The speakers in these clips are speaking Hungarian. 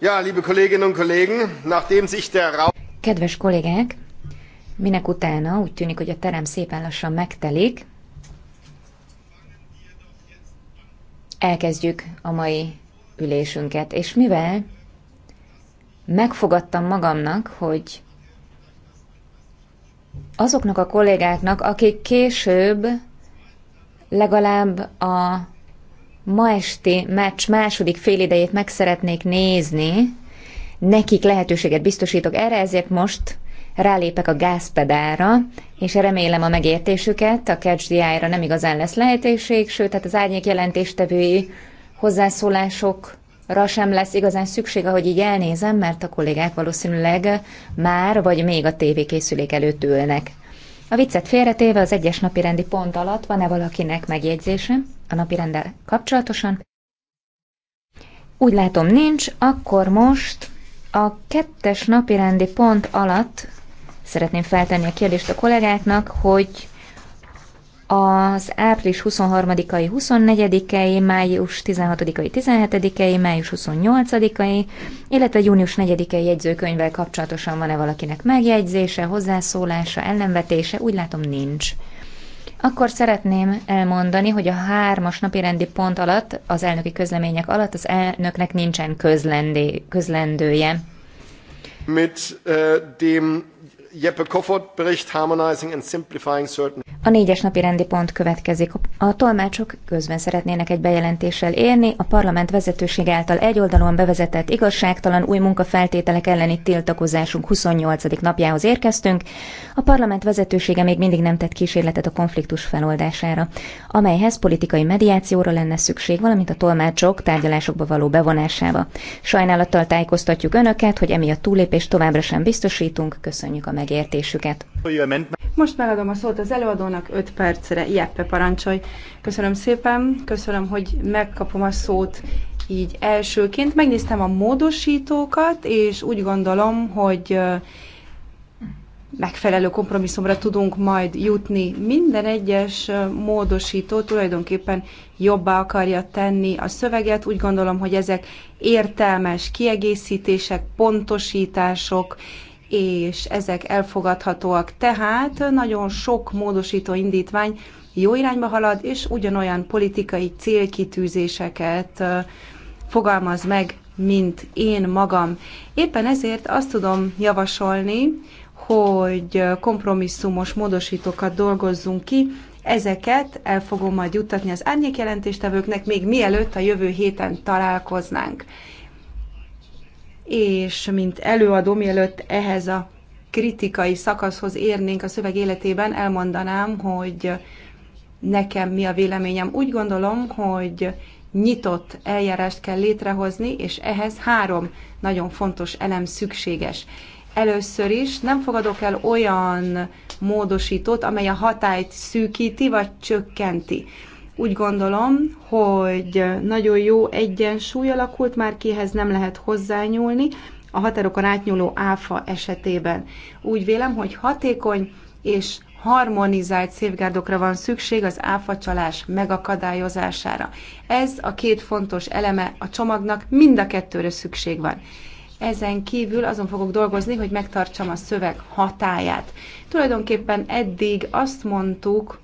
Ja, liebe Kolleginnen und Kollegen, nachdem sich der Raum... Kedves kollégák, minek utána úgy tűnik, hogy a terem szépen lassan megtelik. Elkezdjük a mai ülésünket, és mivel megfogadtam magamnak, hogy azoknak a kollégáknak, akik később legalább a ma esti meccs második félidejét meg szeretnék nézni, nekik lehetőséget biztosítok erre, ezért most rálépek a gázpedára, és remélem a megértésüket, a Catch the Eye-ra nem igazán lesz lehetőség, sőt, hát az árnyék jelentéstevői hozzászólásokra sem lesz igazán szükség, ahogy így elnézem, mert a kollégák valószínűleg már, vagy még a tévékészülék előtt ülnek. A viccet félretéve az egyes napirendi pont alatt van-e valakinek megjegyzése a napirendel kapcsolatosan? Úgy látom nincs, akkor most a kettes napirendi pont alatt szeretném feltenni a kérdést a kollégáknak, hogy az április 23-ai, 24-ei, május 16-ai, 17-ei, május 28-ai, illetve június 4-ei jegyzőkönyvvel kapcsolatosan van-e valakinek megjegyzése, hozzászólása, ellenvetése? Úgy látom, nincs. Akkor szeretném elmondani, hogy a hármas napi rendi pont alatt, az elnöki közlemények alatt az elnöknek nincsen közlendője. Mit uh, dem Jeppe Koffert bericht harmonizing and simplifying certain... A négyes napi rendi pont következik. A tolmácsok közben szeretnének egy bejelentéssel élni, a parlament vezetőség által egyoldalúan bevezetett igazságtalan új munkafeltételek elleni tiltakozásunk 28. napjához érkeztünk. A parlament vezetősége még mindig nem tett kísérletet a konfliktus feloldására, amelyhez politikai mediációra lenne szükség, valamint a tolmácsok tárgyalásokba való bevonásába. Sajnálattal tájékoztatjuk önöket, hogy emiatt túlépést továbbra sem biztosítunk. Köszönjük a meg megértésüket. Most megadom a szót az előadónak 5 percre, Jeppe parancsolj. Köszönöm szépen, köszönöm, hogy megkapom a szót így elsőként. Megnéztem a módosítókat, és úgy gondolom, hogy megfelelő kompromisszumra tudunk majd jutni. Minden egyes módosító tulajdonképpen jobbá akarja tenni a szöveget. Úgy gondolom, hogy ezek értelmes kiegészítések, pontosítások, és ezek elfogadhatóak. Tehát nagyon sok módosító indítvány jó irányba halad, és ugyanolyan politikai célkitűzéseket fogalmaz meg, mint én magam. Éppen ezért azt tudom javasolni, hogy kompromisszumos módosítókat dolgozzunk ki, ezeket el fogom majd juttatni az árnyékjelentéstevőknek, még mielőtt a jövő héten találkoznánk és mint előadó, mielőtt ehhez a kritikai szakaszhoz érnénk a szöveg életében, elmondanám, hogy nekem mi a véleményem. Úgy gondolom, hogy nyitott eljárást kell létrehozni, és ehhez három nagyon fontos elem szükséges. Először is nem fogadok el olyan módosítót, amely a hatályt szűkíti vagy csökkenti. Úgy gondolom, hogy nagyon jó egyensúly alakult már kihez nem lehet hozzányúlni a határokon átnyúló áfa esetében. Úgy vélem, hogy hatékony és harmonizált szépgárdokra van szükség az áfacsalás megakadályozására. Ez a két fontos eleme a csomagnak, mind a kettőre szükség van. Ezen kívül azon fogok dolgozni, hogy megtartsam a szöveg hatáját. Tulajdonképpen eddig azt mondtuk,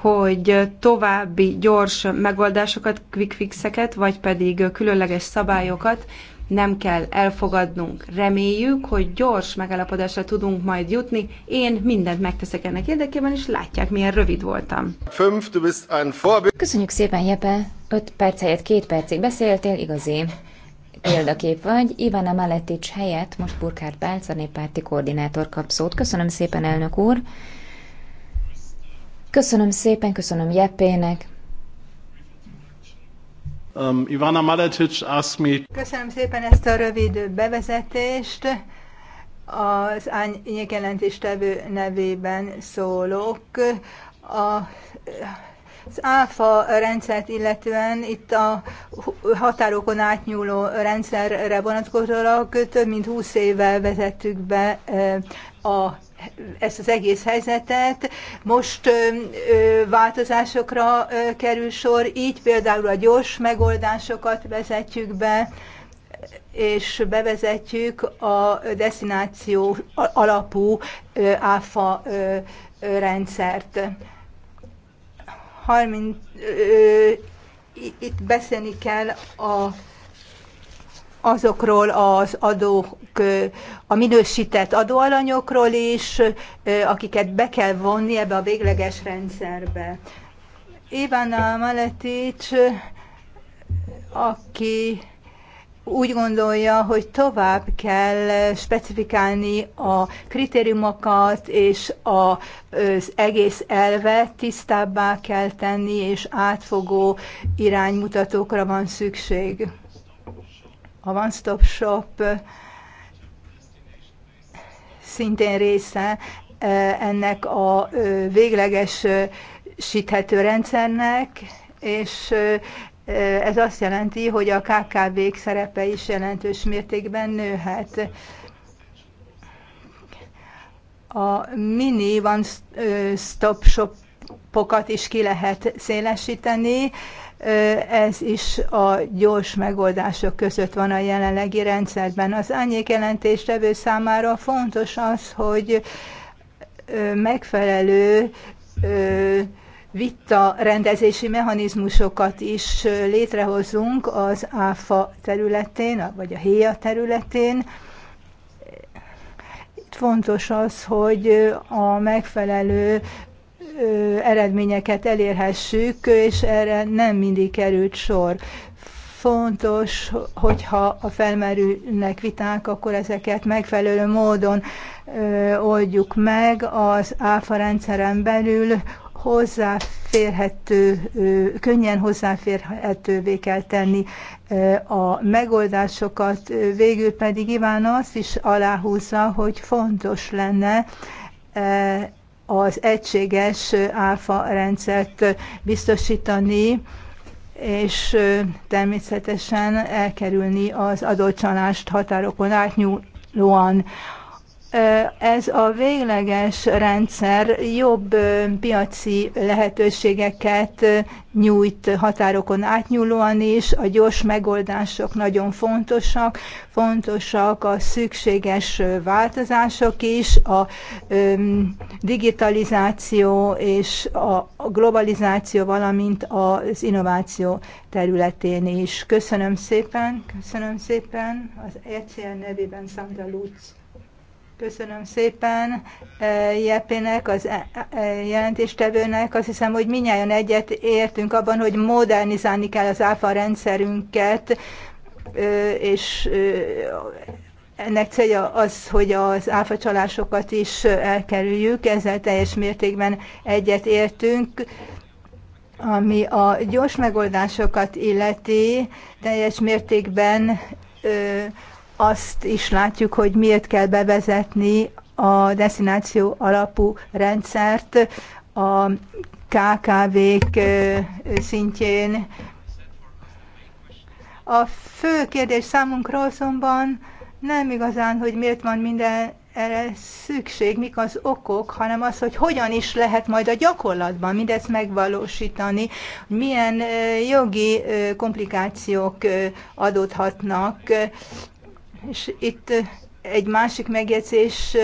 hogy további gyors megoldásokat, quick fixeket, vagy pedig különleges szabályokat nem kell elfogadnunk. Reméljük, hogy gyors megállapodásra tudunk majd jutni. Én mindent megteszek ennek érdekében, és látják, milyen rövid voltam. Köszönjük szépen, Jepe. 5 perc helyett 2 percig beszéltél, igazi példakép vagy. Ivana Maletics helyett most Burkhard Bálc, a néppárti koordinátor kap szót. Köszönöm szépen, elnök úr. Köszönöm szépen, köszönöm Jeppének. Um, Ivana Maletic asked me... Köszönöm szépen ezt a rövid bevezetést. Az árnyék jelentéstevő nevében szólok. A, az ÁFA rendszert illetően itt a határokon átnyúló rendszerre vonatkozólag több mint 20 évvel vezettük be eh, a ezt az egész helyzetet. Most ö, ö, változásokra ö, kerül sor, így például a gyors megoldásokat vezetjük be, és bevezetjük a destináció alapú ö, áfa ö, rendszert. 30, ö, itt beszélni kell a azokról az adók, a minősített adóalanyokról is, akiket be kell vonni ebbe a végleges rendszerbe. Ivana Maletics, aki úgy gondolja, hogy tovább kell specifikálni a kritériumokat, és az egész elvet tisztábbá kell tenni, és átfogó iránymutatókra van szükség a One Stop Shop szintén része ennek a véglegesíthető rendszernek, és ez azt jelenti, hogy a KKV-k szerepe is jelentős mértékben nőhet. A mini one-stop shopokat is ki lehet szélesíteni, ez is a gyors megoldások között van a jelenlegi rendszerben. Az annyi jelentéstevő számára fontos az, hogy megfelelő vita rendezési mechanizmusokat is létrehozunk az ÁFA területén, vagy a HÉA területén. Itt fontos az, hogy a megfelelő eredményeket elérhessük, és erre nem mindig került sor. Fontos, hogyha a felmerülnek viták, akkor ezeket megfelelő módon oldjuk meg az áfa rendszeren belül, hozzáférhető, könnyen hozzáférhetővé kell tenni a megoldásokat. Végül pedig Iván azt is aláhúzza, hogy fontos lenne az egységes áfa rendszert biztosítani, és természetesen elkerülni az adócsalást határokon átnyúlóan ez a végleges rendszer jobb piaci lehetőségeket nyújt határokon átnyúlóan is, a gyors megoldások nagyon fontosak, fontosak a szükséges változások is, a digitalizáció és a globalizáció, valamint az innováció területén is. Köszönöm szépen, köszönöm szépen az ECN nevében Sandra Lutz Köszönöm szépen eh, Jepének, az eh, eh, jelentéstevőnek. Azt hiszem, hogy minnyáján egyet értünk abban, hogy modernizálni kell az áfa rendszerünket, és ennek célja az, hogy az csalásokat is elkerüljük, ezzel teljes mértékben egyet értünk. Ami a gyors megoldásokat illeti, teljes mértékben azt is látjuk, hogy miért kell bevezetni a destináció alapú rendszert a KKV-k szintjén. A fő kérdés számunkra azonban nem igazán, hogy miért van minden erre szükség, mik az okok, hanem az, hogy hogyan is lehet majd a gyakorlatban mindezt megvalósítani, milyen jogi komplikációk adódhatnak és itt egy másik megjegyzés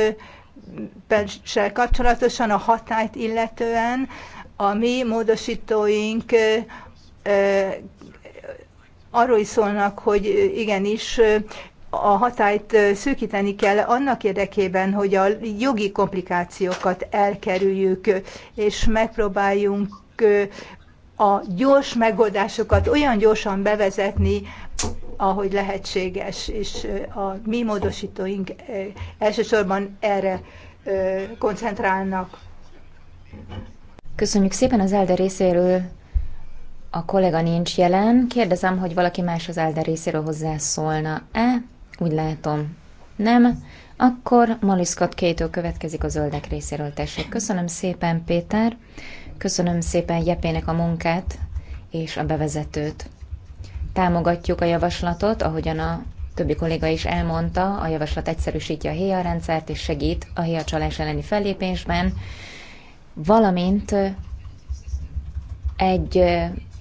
kapcsolatosan a hatályt illetően a mi módosítóink arról is szólnak, hogy igenis a hatályt szűkíteni kell annak érdekében, hogy a jogi komplikációkat elkerüljük, és megpróbáljunk a gyors megoldásokat olyan gyorsan bevezetni, ahogy lehetséges, és a mi módosítóink elsősorban erre koncentrálnak. Köszönjük szépen az Elde részéről. A kollega nincs jelen. Kérdezem, hogy valaki más az Elde részéről hozzászólna-e? Úgy látom. Nem. Akkor maliszkat kétől következik a zöldek részéről, tessék. Köszönöm szépen, Péter. Köszönöm szépen Jepének a munkát és a bevezetőt. Támogatjuk a javaslatot, ahogyan a többi kolléga is elmondta, a javaslat egyszerűsíti a héja rendszert és segít a héja csalás elleni fellépésben, valamint egy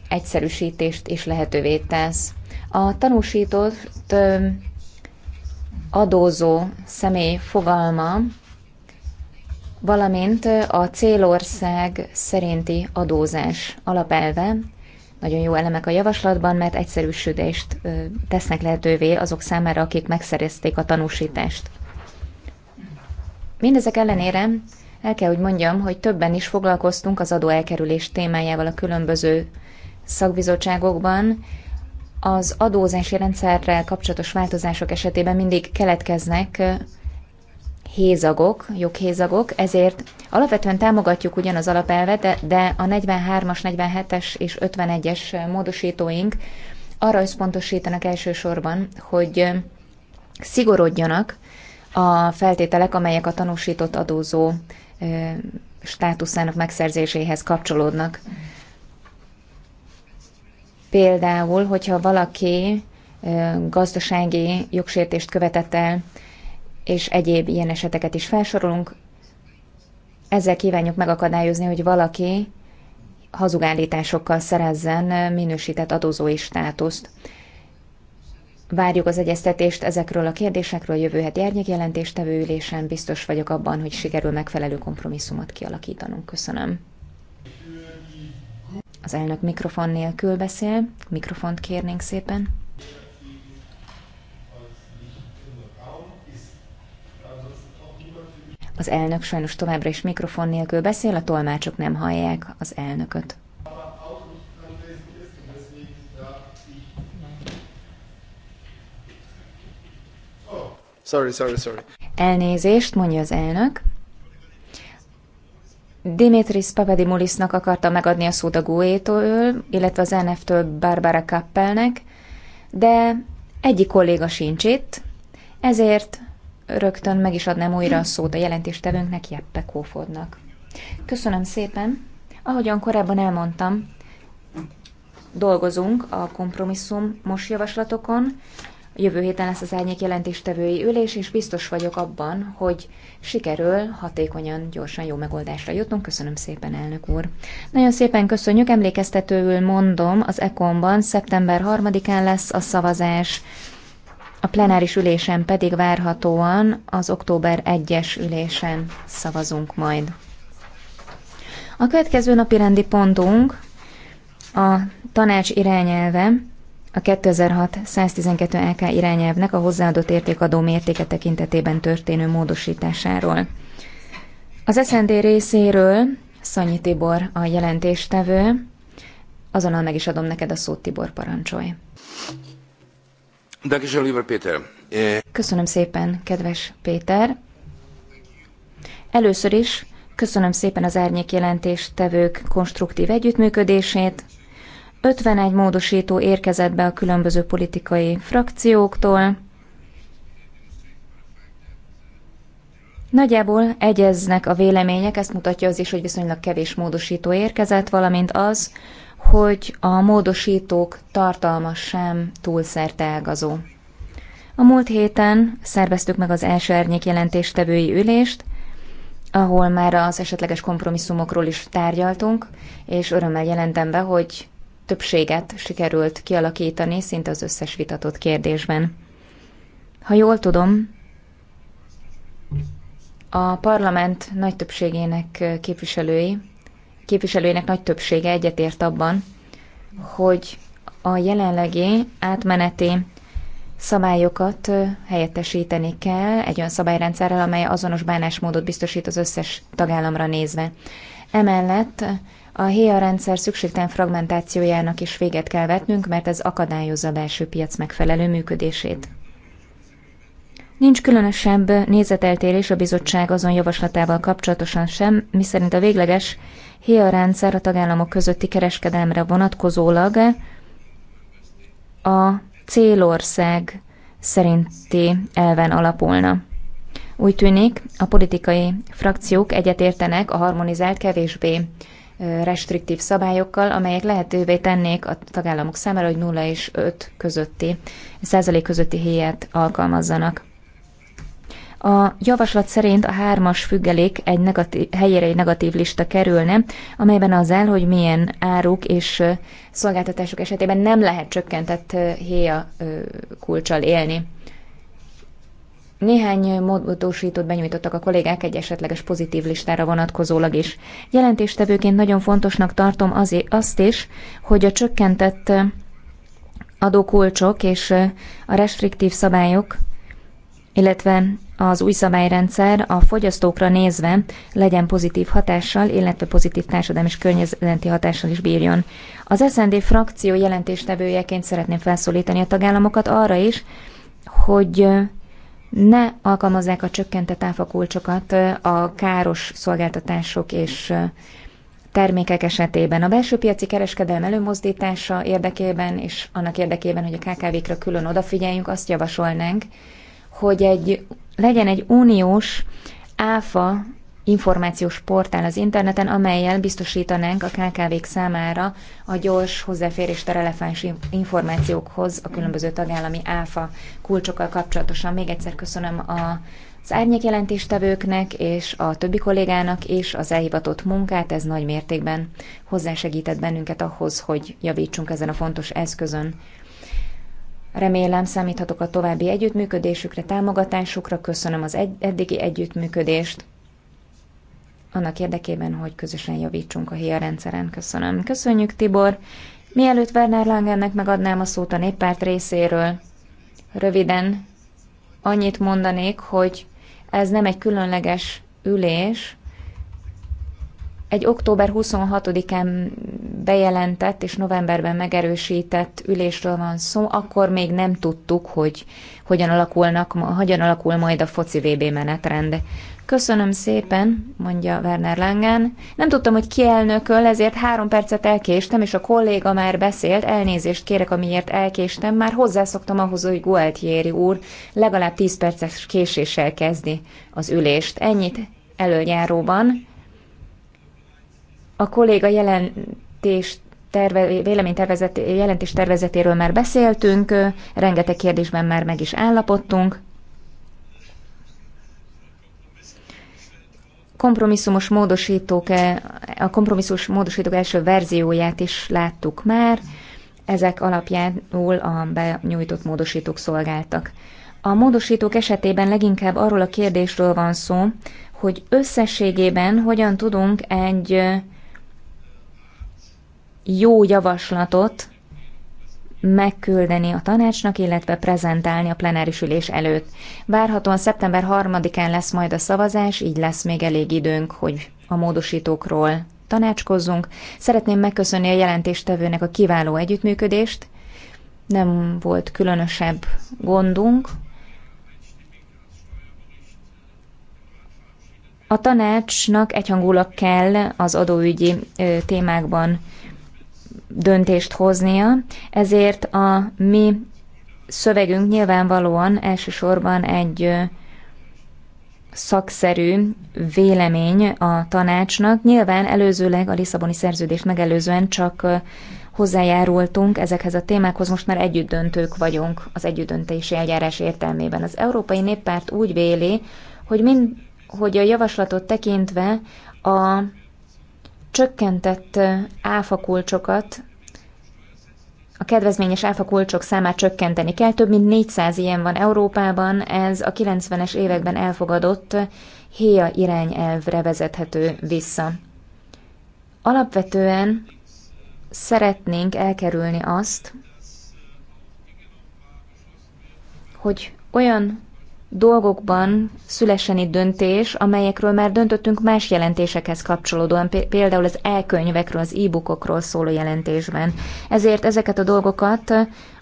egyszerűsítést is lehetővé tesz. A tanúsított adózó személy fogalma, valamint a célország szerinti adózás alapelve nagyon jó elemek a javaslatban, mert egyszerűsödést tesznek lehetővé azok számára, akik megszerezték a tanúsítást. Mindezek ellenére el kell, hogy mondjam, hogy többen is foglalkoztunk az adóelkerülés témájával a különböző szakbizottságokban. Az adózási rendszerrel kapcsolatos változások esetében mindig keletkeznek hézagok, joghézagok, ezért alapvetően támogatjuk ugyan az alapelvet, de, de a 43-as, 47-es és 51-es módosítóink arra összpontosítanak elsősorban, hogy szigorodjanak a feltételek, amelyek a tanúsított adózó státuszának megszerzéséhez kapcsolódnak. Például, hogyha valaki gazdasági jogsértést követett el és egyéb ilyen eseteket is felsorolunk. Ezzel kívánjuk megakadályozni, hogy valaki hazugállításokkal szerezzen minősített adózói státuszt. Várjuk az egyeztetést ezekről a kérdésekről jövő heti árnyékjelentéstevő ülésen. Biztos vagyok abban, hogy sikerül megfelelő kompromisszumot kialakítanunk. Köszönöm. Az elnök mikrofon nélkül beszél. Mikrofont kérnénk szépen. Az elnök sajnos továbbra is mikrofon nélkül beszél, a tolmácsok nem hallják az elnököt. Sorry, sorry, sorry. Elnézést, mondja az elnök. Dimitris Papadimulisnak akarta megadni a szót a Guétől, illetve az NF-től Barbara Kappelnek, de egyik kolléga sincs itt, ezért rögtön meg is adnám újra a szót a jelentéstevőnknek, Jeppe Kófodnak. Köszönöm szépen. Ahogyan korábban elmondtam, dolgozunk a kompromisszum most javaslatokon. Jövő héten lesz az árnyék jelentéstevői ülés, és biztos vagyok abban, hogy sikerül hatékonyan, gyorsan jó megoldásra jutnunk. Köszönöm szépen, elnök úr. Nagyon szépen köszönjük, emlékeztetőül mondom, az ECOM-ban szeptember 3-án lesz a szavazás, a plenáris ülésen pedig várhatóan az október 1-es ülésen szavazunk majd. A következő napi rendi pontunk a tanács irányelve, a 2006-112 LK irányelvnek a hozzáadott értékadó mértéke tekintetében történő módosításáról. Az SND részéről Szanyi Tibor a jelentéstevő, azonnal meg is adom neked a szót, Tibor, parancsolj. Köszönöm szépen, kedves Péter. Először is köszönöm szépen az árnyék tevők konstruktív együttműködését. 51 módosító érkezett be a különböző politikai frakcióktól. Nagyjából egyeznek a vélemények, ezt mutatja az is, hogy viszonylag kevés módosító érkezett, valamint az, hogy a módosítók tartalma sem túl szerteágazó. A múlt héten szerveztük meg az első árnyék jelentéstevői ülést, ahol már az esetleges kompromisszumokról is tárgyaltunk, és örömmel jelentem be, hogy többséget sikerült kialakítani szinte az összes vitatott kérdésben. Ha jól tudom, a parlament nagy többségének képviselői képviselőinek nagy többsége egyetért abban, hogy a jelenlegi átmeneti szabályokat helyettesíteni kell egy olyan szabályrendszerrel, amely azonos bánásmódot biztosít az összes tagállamra nézve. Emellett a HEA rendszer szükségtelen fragmentációjának is véget kell vetnünk, mert ez akadályozza a belső piac megfelelő működését. Nincs különösebb nézeteltérés a bizottság azon javaslatával kapcsolatosan sem, miszerint a végleges HIA rendszer a tagállamok közötti kereskedelmre vonatkozólag a célország szerinti elven alapulna. Úgy tűnik, a politikai frakciók egyetértenek a harmonizált, kevésbé restriktív szabályokkal, amelyek lehetővé tennék a tagállamok számára, hogy 0 és 5 közötti, százalék közötti héját alkalmazzanak. A javaslat szerint a hármas függelék egy negatív, helyére egy negatív lista kerülne, amelyben az áll, hogy milyen áruk és szolgáltatások esetében nem lehet csökkentett héja kulcsal élni. Néhány módosítót benyújtottak a kollégák egy esetleges pozitív listára vonatkozólag is. Jelentéstevőként nagyon fontosnak tartom azért azt is, hogy a csökkentett adókulcsok és a restriktív szabályok, illetve az új szabályrendszer a fogyasztókra nézve legyen pozitív hatással, illetve pozitív társadalmi és környezeti hatással is bírjon. Az SND frakció jelentéstevőjeként szeretném felszólítani a tagállamokat arra is, hogy ne alkalmazzák a csökkentett áfakulcsokat a káros szolgáltatások és termékek esetében. A belső piaci kereskedelem előmozdítása érdekében és annak érdekében, hogy a KKV-kra külön odafigyeljünk, azt javasolnánk, hogy egy, legyen egy uniós áfa információs portál az interneten, amelyen biztosítanánk a KKV-k számára a gyors hozzáférést a releváns információkhoz a különböző tagállami áfa kulcsokkal kapcsolatosan. Még egyszer köszönöm a az árnyékjelentéstevőknek és a többi kollégának és az elhivatott munkát, ez nagy mértékben hozzásegített bennünket ahhoz, hogy javítsunk ezen a fontos eszközön. Remélem számíthatok a további együttműködésükre, támogatásukra, köszönöm az egy- eddigi együttműködést. Annak érdekében, hogy közösen javítsunk a HIA rendszeren. Köszönöm. Köszönjük, Tibor. Mielőtt Werner Langennek megadnám a szót a néppárt részéről, röviden annyit mondanék, hogy ez nem egy különleges ülés, egy október 26-án bejelentett és novemberben megerősített ülésről van szó, akkor még nem tudtuk, hogy hogyan, alakulnak, hogyan alakul majd a foci VB menetrend. Köszönöm szépen, mondja Werner Langen. Nem tudtam, hogy ki elnököl, ezért három percet elkéstem, és a kolléga már beszélt, elnézést kérek, amiért elkéstem, már hozzászoktam ahhoz, hogy Gualtieri úr legalább tíz perces késéssel kezdi az ülést. Ennyit előjáróban. A kolléga jelentés terve, véleménytervezet, jelentés tervezetéről már beszéltünk, rengeteg kérdésben már meg is állapodtunk. Kompromisszumos módosítók, e, a kompromisszumos módosítók első verzióját is láttuk már, ezek alapjánul a benyújtott módosítók szolgáltak. A módosítók esetében leginkább arról a kérdésről van szó, hogy összességében hogyan tudunk egy jó javaslatot megküldeni a tanácsnak, illetve prezentálni a plenáris ülés előtt. Várhatóan szeptember 3-án lesz majd a szavazás, így lesz még elég időnk, hogy a módosítókról tanácskozzunk. Szeretném megköszönni a jelentéstevőnek a kiváló együttműködést. Nem volt különösebb gondunk. A tanácsnak egyhangulag kell az adóügyi témákban döntést hoznia, ezért a mi szövegünk nyilvánvalóan elsősorban egy szakszerű vélemény a tanácsnak. Nyilván előzőleg a Lisszaboni szerződést megelőzően csak hozzájárultunk ezekhez a témákhoz, most már döntők vagyunk az együttdöntési eljárás értelmében. Az Európai Néppárt úgy véli, hogy, mind, hogy a javaslatot tekintve a csökkentett áfakulcsokat, a kedvezményes áfakulcsok számát csökkenteni kell. Több mint 400 ilyen van Európában, ez a 90-es években elfogadott héja irányelvre vezethető vissza. Alapvetően szeretnénk elkerülni azt, hogy olyan dolgokban szülesen itt döntés, amelyekről már döntöttünk más jelentésekhez kapcsolódóan, például az elkönyvekről, az e-bookokról szóló jelentésben. Ezért ezeket a dolgokat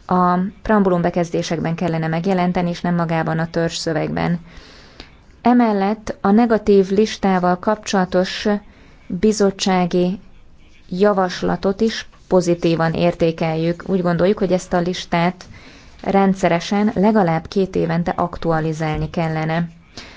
a preambulum bekezdésekben kellene megjelenteni, és nem magában a törzs szövegben. Emellett a negatív listával kapcsolatos bizottsági javaslatot is pozitívan értékeljük. Úgy gondoljuk, hogy ezt a listát rendszeresen, legalább két évente aktualizálni kellene.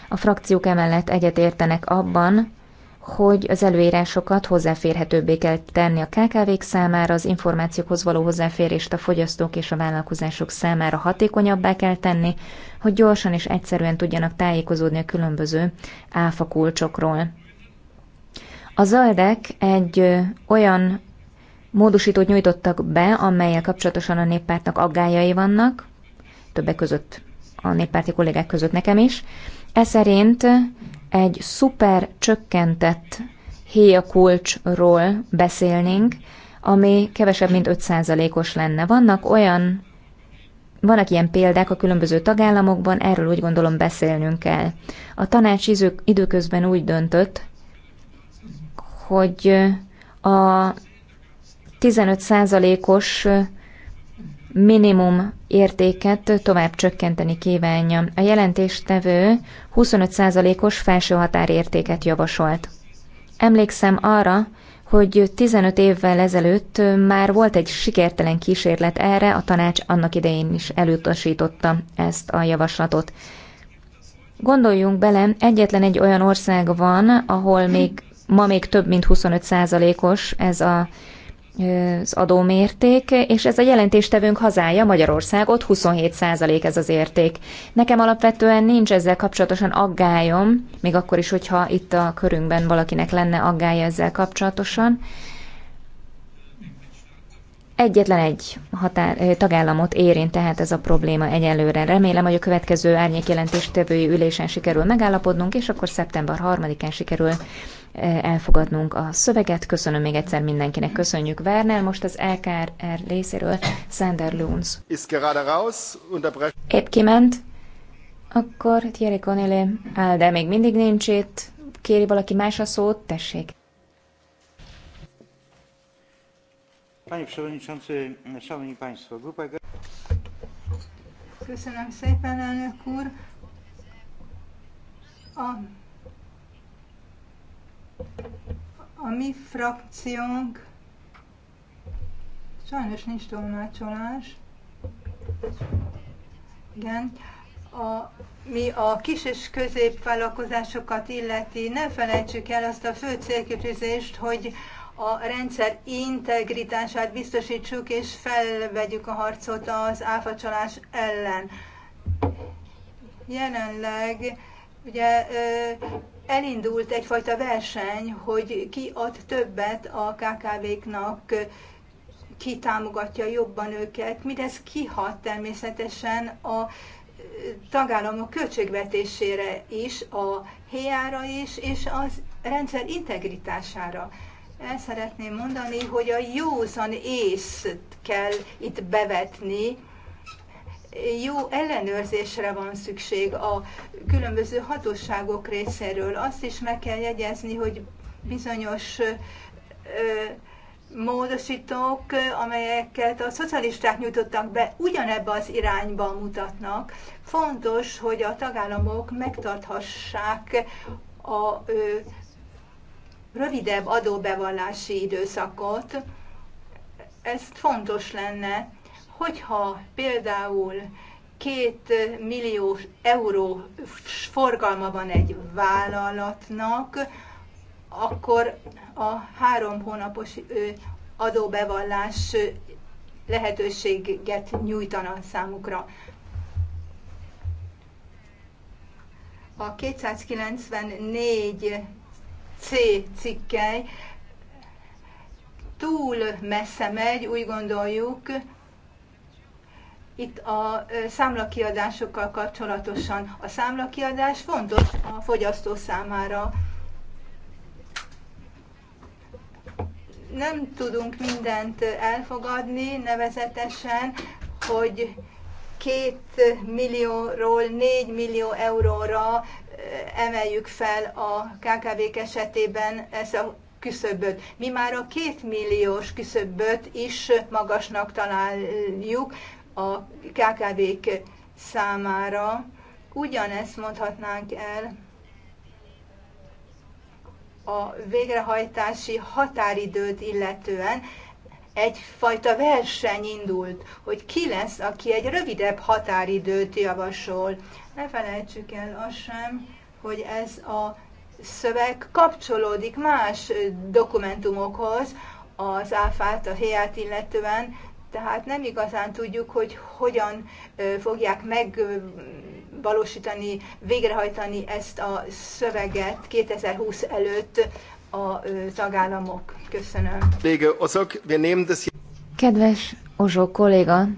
A frakciók emellett egyetértenek abban, hogy az előírásokat hozzáférhetőbbé kell tenni a KKV-k számára, az információkhoz való hozzáférést a fogyasztók és a vállalkozások számára hatékonyabbá kell tenni, hogy gyorsan és egyszerűen tudjanak tájékozódni a különböző áfakulcsokról. A zöldek egy olyan módosítót nyújtottak be, amelyel kapcsolatosan a néppártnak aggájai vannak, többek között a néppárti kollégák között nekem is. Ez szerint egy szuper csökkentett kulcsról beszélnénk, ami kevesebb, mint 5%-os lenne. Vannak olyan, vannak ilyen példák a különböző tagállamokban, erről úgy gondolom beszélnünk kell. A tanács időközben úgy döntött, hogy a 15%-os minimum értéket tovább csökkenteni kívánja. A jelentéstevő 25%-os felső határértéket javasolt. Emlékszem arra, hogy 15 évvel ezelőtt már volt egy sikertelen kísérlet erre, a tanács annak idején is elutasította ezt a javaslatot. Gondoljunk bele, egyetlen egy olyan ország van, ahol még ma még több mint 25%-os ez a az adómérték, és ez a jelentéstevőnk hazája, Magyarországot, 27% ez az érték. Nekem alapvetően nincs ezzel kapcsolatosan aggályom, még akkor is, hogyha itt a körünkben valakinek lenne aggája ezzel kapcsolatosan. Egyetlen egy határ, eh, tagállamot érint tehát ez a probléma egyelőre. Remélem, hogy a következő árnyékjelentéstevői ülésen sikerül megállapodnunk, és akkor szeptember 3-án sikerül elfogadnunk a szöveget. Köszönöm még egyszer mindenkinek, köszönjük Werner. Most az LKR részéről Sander Lunds. Épp kiment, akkor Thierry Connelly áll, de még mindig nincs itt. Kéri valaki más a szót, tessék. Panie Przewodniczący, Szanowni Państwo, Grupa... Köszönöm szépen, elnök úr. A a mi frakciónk sajnos nincs tolmácsolás. Igen. A, mi a kis és középvállalkozásokat illeti, ne felejtsük el azt a fő célkitűzést, hogy a rendszer integritását biztosítsuk, és felvegyük a harcot az áfacsalás ellen. Jelenleg ugye elindult egyfajta verseny, hogy ki ad többet a KKV-knak, ki támogatja jobban őket. Mindez kihat természetesen a tagállamok költségvetésére is, a héjára is, és az rendszer integritására. El szeretném mondani, hogy a józan észt kell itt bevetni, jó ellenőrzésre van szükség a különböző hatóságok részéről. Azt is meg kell jegyezni, hogy bizonyos módosítók, amelyeket a szocialisták nyújtottak be, ugyanebbe az irányba mutatnak. Fontos, hogy a tagállamok megtarthassák a ö, rövidebb adóbevallási időszakot. Ezt fontos lenne Hogyha például két millió euró forgalma van egy vállalatnak, akkor a három hónapos adóbevallás lehetőséget nyújtana számukra. A 294 C cikkely túl messze megy, úgy gondoljuk, itt a számlakiadásokkal kapcsolatosan a számlakiadás fontos a fogyasztó számára. Nem tudunk mindent elfogadni, nevezetesen, hogy két millióról 4 millió euróra emeljük fel a KKV-k esetében ezt a küszöböt. Mi már a két milliós küszöböt is magasnak találjuk, a KKV-k számára. Ugyanezt mondhatnánk el a végrehajtási határidőt illetően, egyfajta verseny indult, hogy ki lesz, aki egy rövidebb határidőt javasol. Ne felejtsük el azt sem, hogy ez a szöveg kapcsolódik más dokumentumokhoz, az áfát, a héját illetően, tehát nem igazán tudjuk, hogy hogyan fogják megvalósítani, végrehajtani ezt a szöveget 2020 előtt a tagállamok. Köszönöm. Kedves Ozsó kolléga,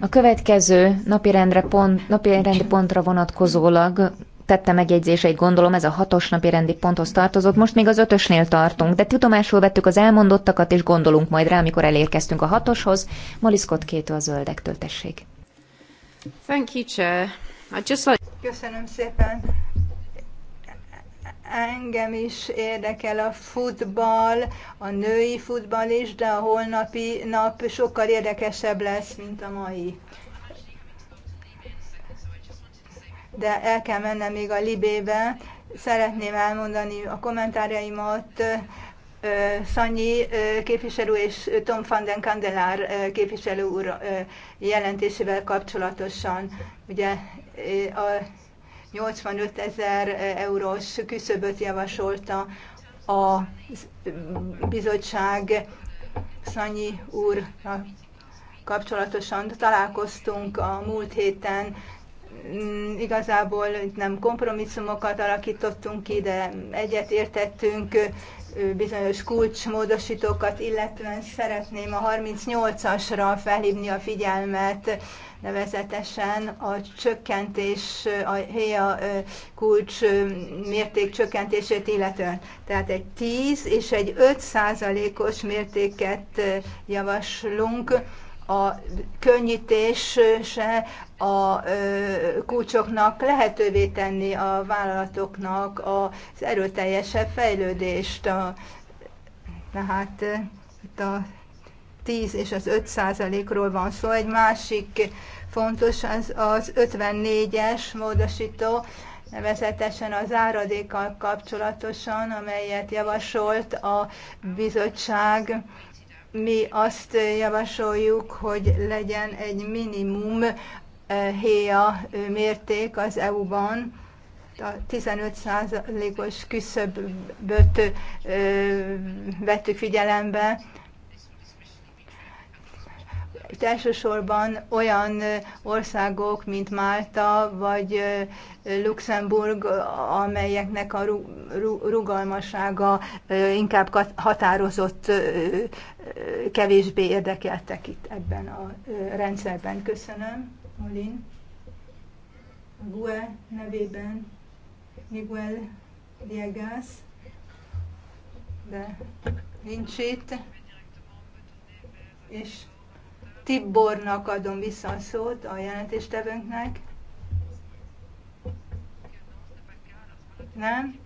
a következő napirendre pont, napirendi pontra vonatkozólag tette megjegyzéseit, gondolom ez a hatos napi rendi ponthoz tartozott, most még az ötösnél tartunk, de tudomásul vettük az elmondottakat, és gondolunk majd rá, amikor elérkeztünk a hatoshoz. Maliszkot kétől a zöldektől tessék. Thank you, Chair. I just like... Köszönöm szépen. Engem is érdekel a futball, a női futball is, de a holnapi nap sokkal érdekesebb lesz, mint a mai. de el kell mennem még a libébe. Szeretném elmondani a kommentárjaimat Szanyi képviselő és Tom van den Kandelár képviselő úr jelentésével kapcsolatosan. Ugye a 85 ezer eurós küszöböt javasolta a bizottság Szanyi úr kapcsolatosan találkoztunk a múlt héten, Mm, igazából nem kompromisszumokat alakítottunk ki, de egyet értettünk bizonyos kulcsmódosítókat, illetően szeretném a 38-asra felhívni a figyelmet, nevezetesen a csökkentés, a héja kulcs mérték csökkentését illetően. Tehát egy 10 és egy 5 százalékos mértéket javaslunk, a könnyítése a kulcsoknak lehetővé tenni a vállalatoknak az erőteljesebb fejlődést. a, Tehát itt a 10 és az 5 százalékról van szó. Egy másik fontos az, az 54-es módosító, nevezetesen az áradékkal kapcsolatosan, amelyet javasolt a bizottság mi azt javasoljuk, hogy legyen egy minimum eh, héja eh, mérték az EU-ban, a 15%-os küszöböt eh, vettük figyelembe, itt elsősorban olyan országok, mint Málta vagy Luxemburg, amelyeknek a rugalmassága inkább határozott, kevésbé érdekeltek itt ebben a rendszerben. Köszönöm, Olin. Gue nevében Miguel Diegas, de nincs itt, és Tibornak adom vissza a szót a jelentéstevőnknek. Nem?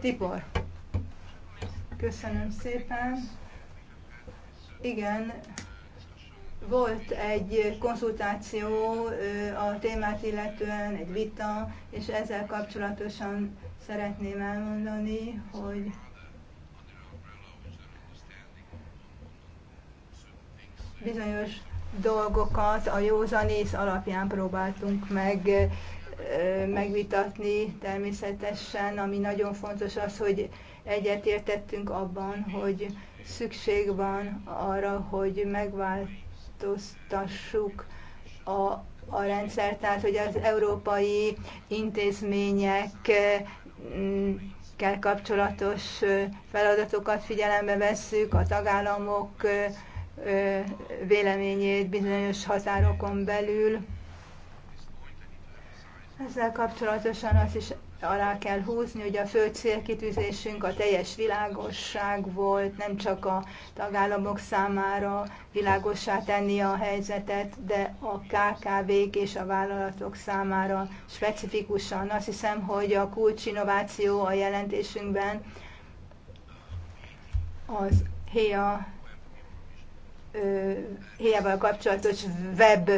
Tibor. Köszönöm szépen. Igen, volt egy konzultáció a témát illetően, egy vita, és ezzel kapcsolatosan szeretném elmondani, hogy bizonyos dolgokat a józanész alapján próbáltunk meg megvitatni természetesen, ami nagyon fontos az, hogy egyetértettünk abban, hogy szükség van arra, hogy megváltoztassuk a, a rendszert, tehát hogy az európai intézményekkel kapcsolatos feladatokat figyelembe vesszük, a tagállamok véleményét bizonyos határokon belül. Ezzel kapcsolatosan azt is alá kell húzni, hogy a fő célkitűzésünk a teljes világosság volt, nem csak a tagállamok számára világossá tenni a helyzetet, de a KKV-k és a vállalatok számára specifikusan. Azt hiszem, hogy a innováció a jelentésünkben az HÉA héjával kapcsolatos web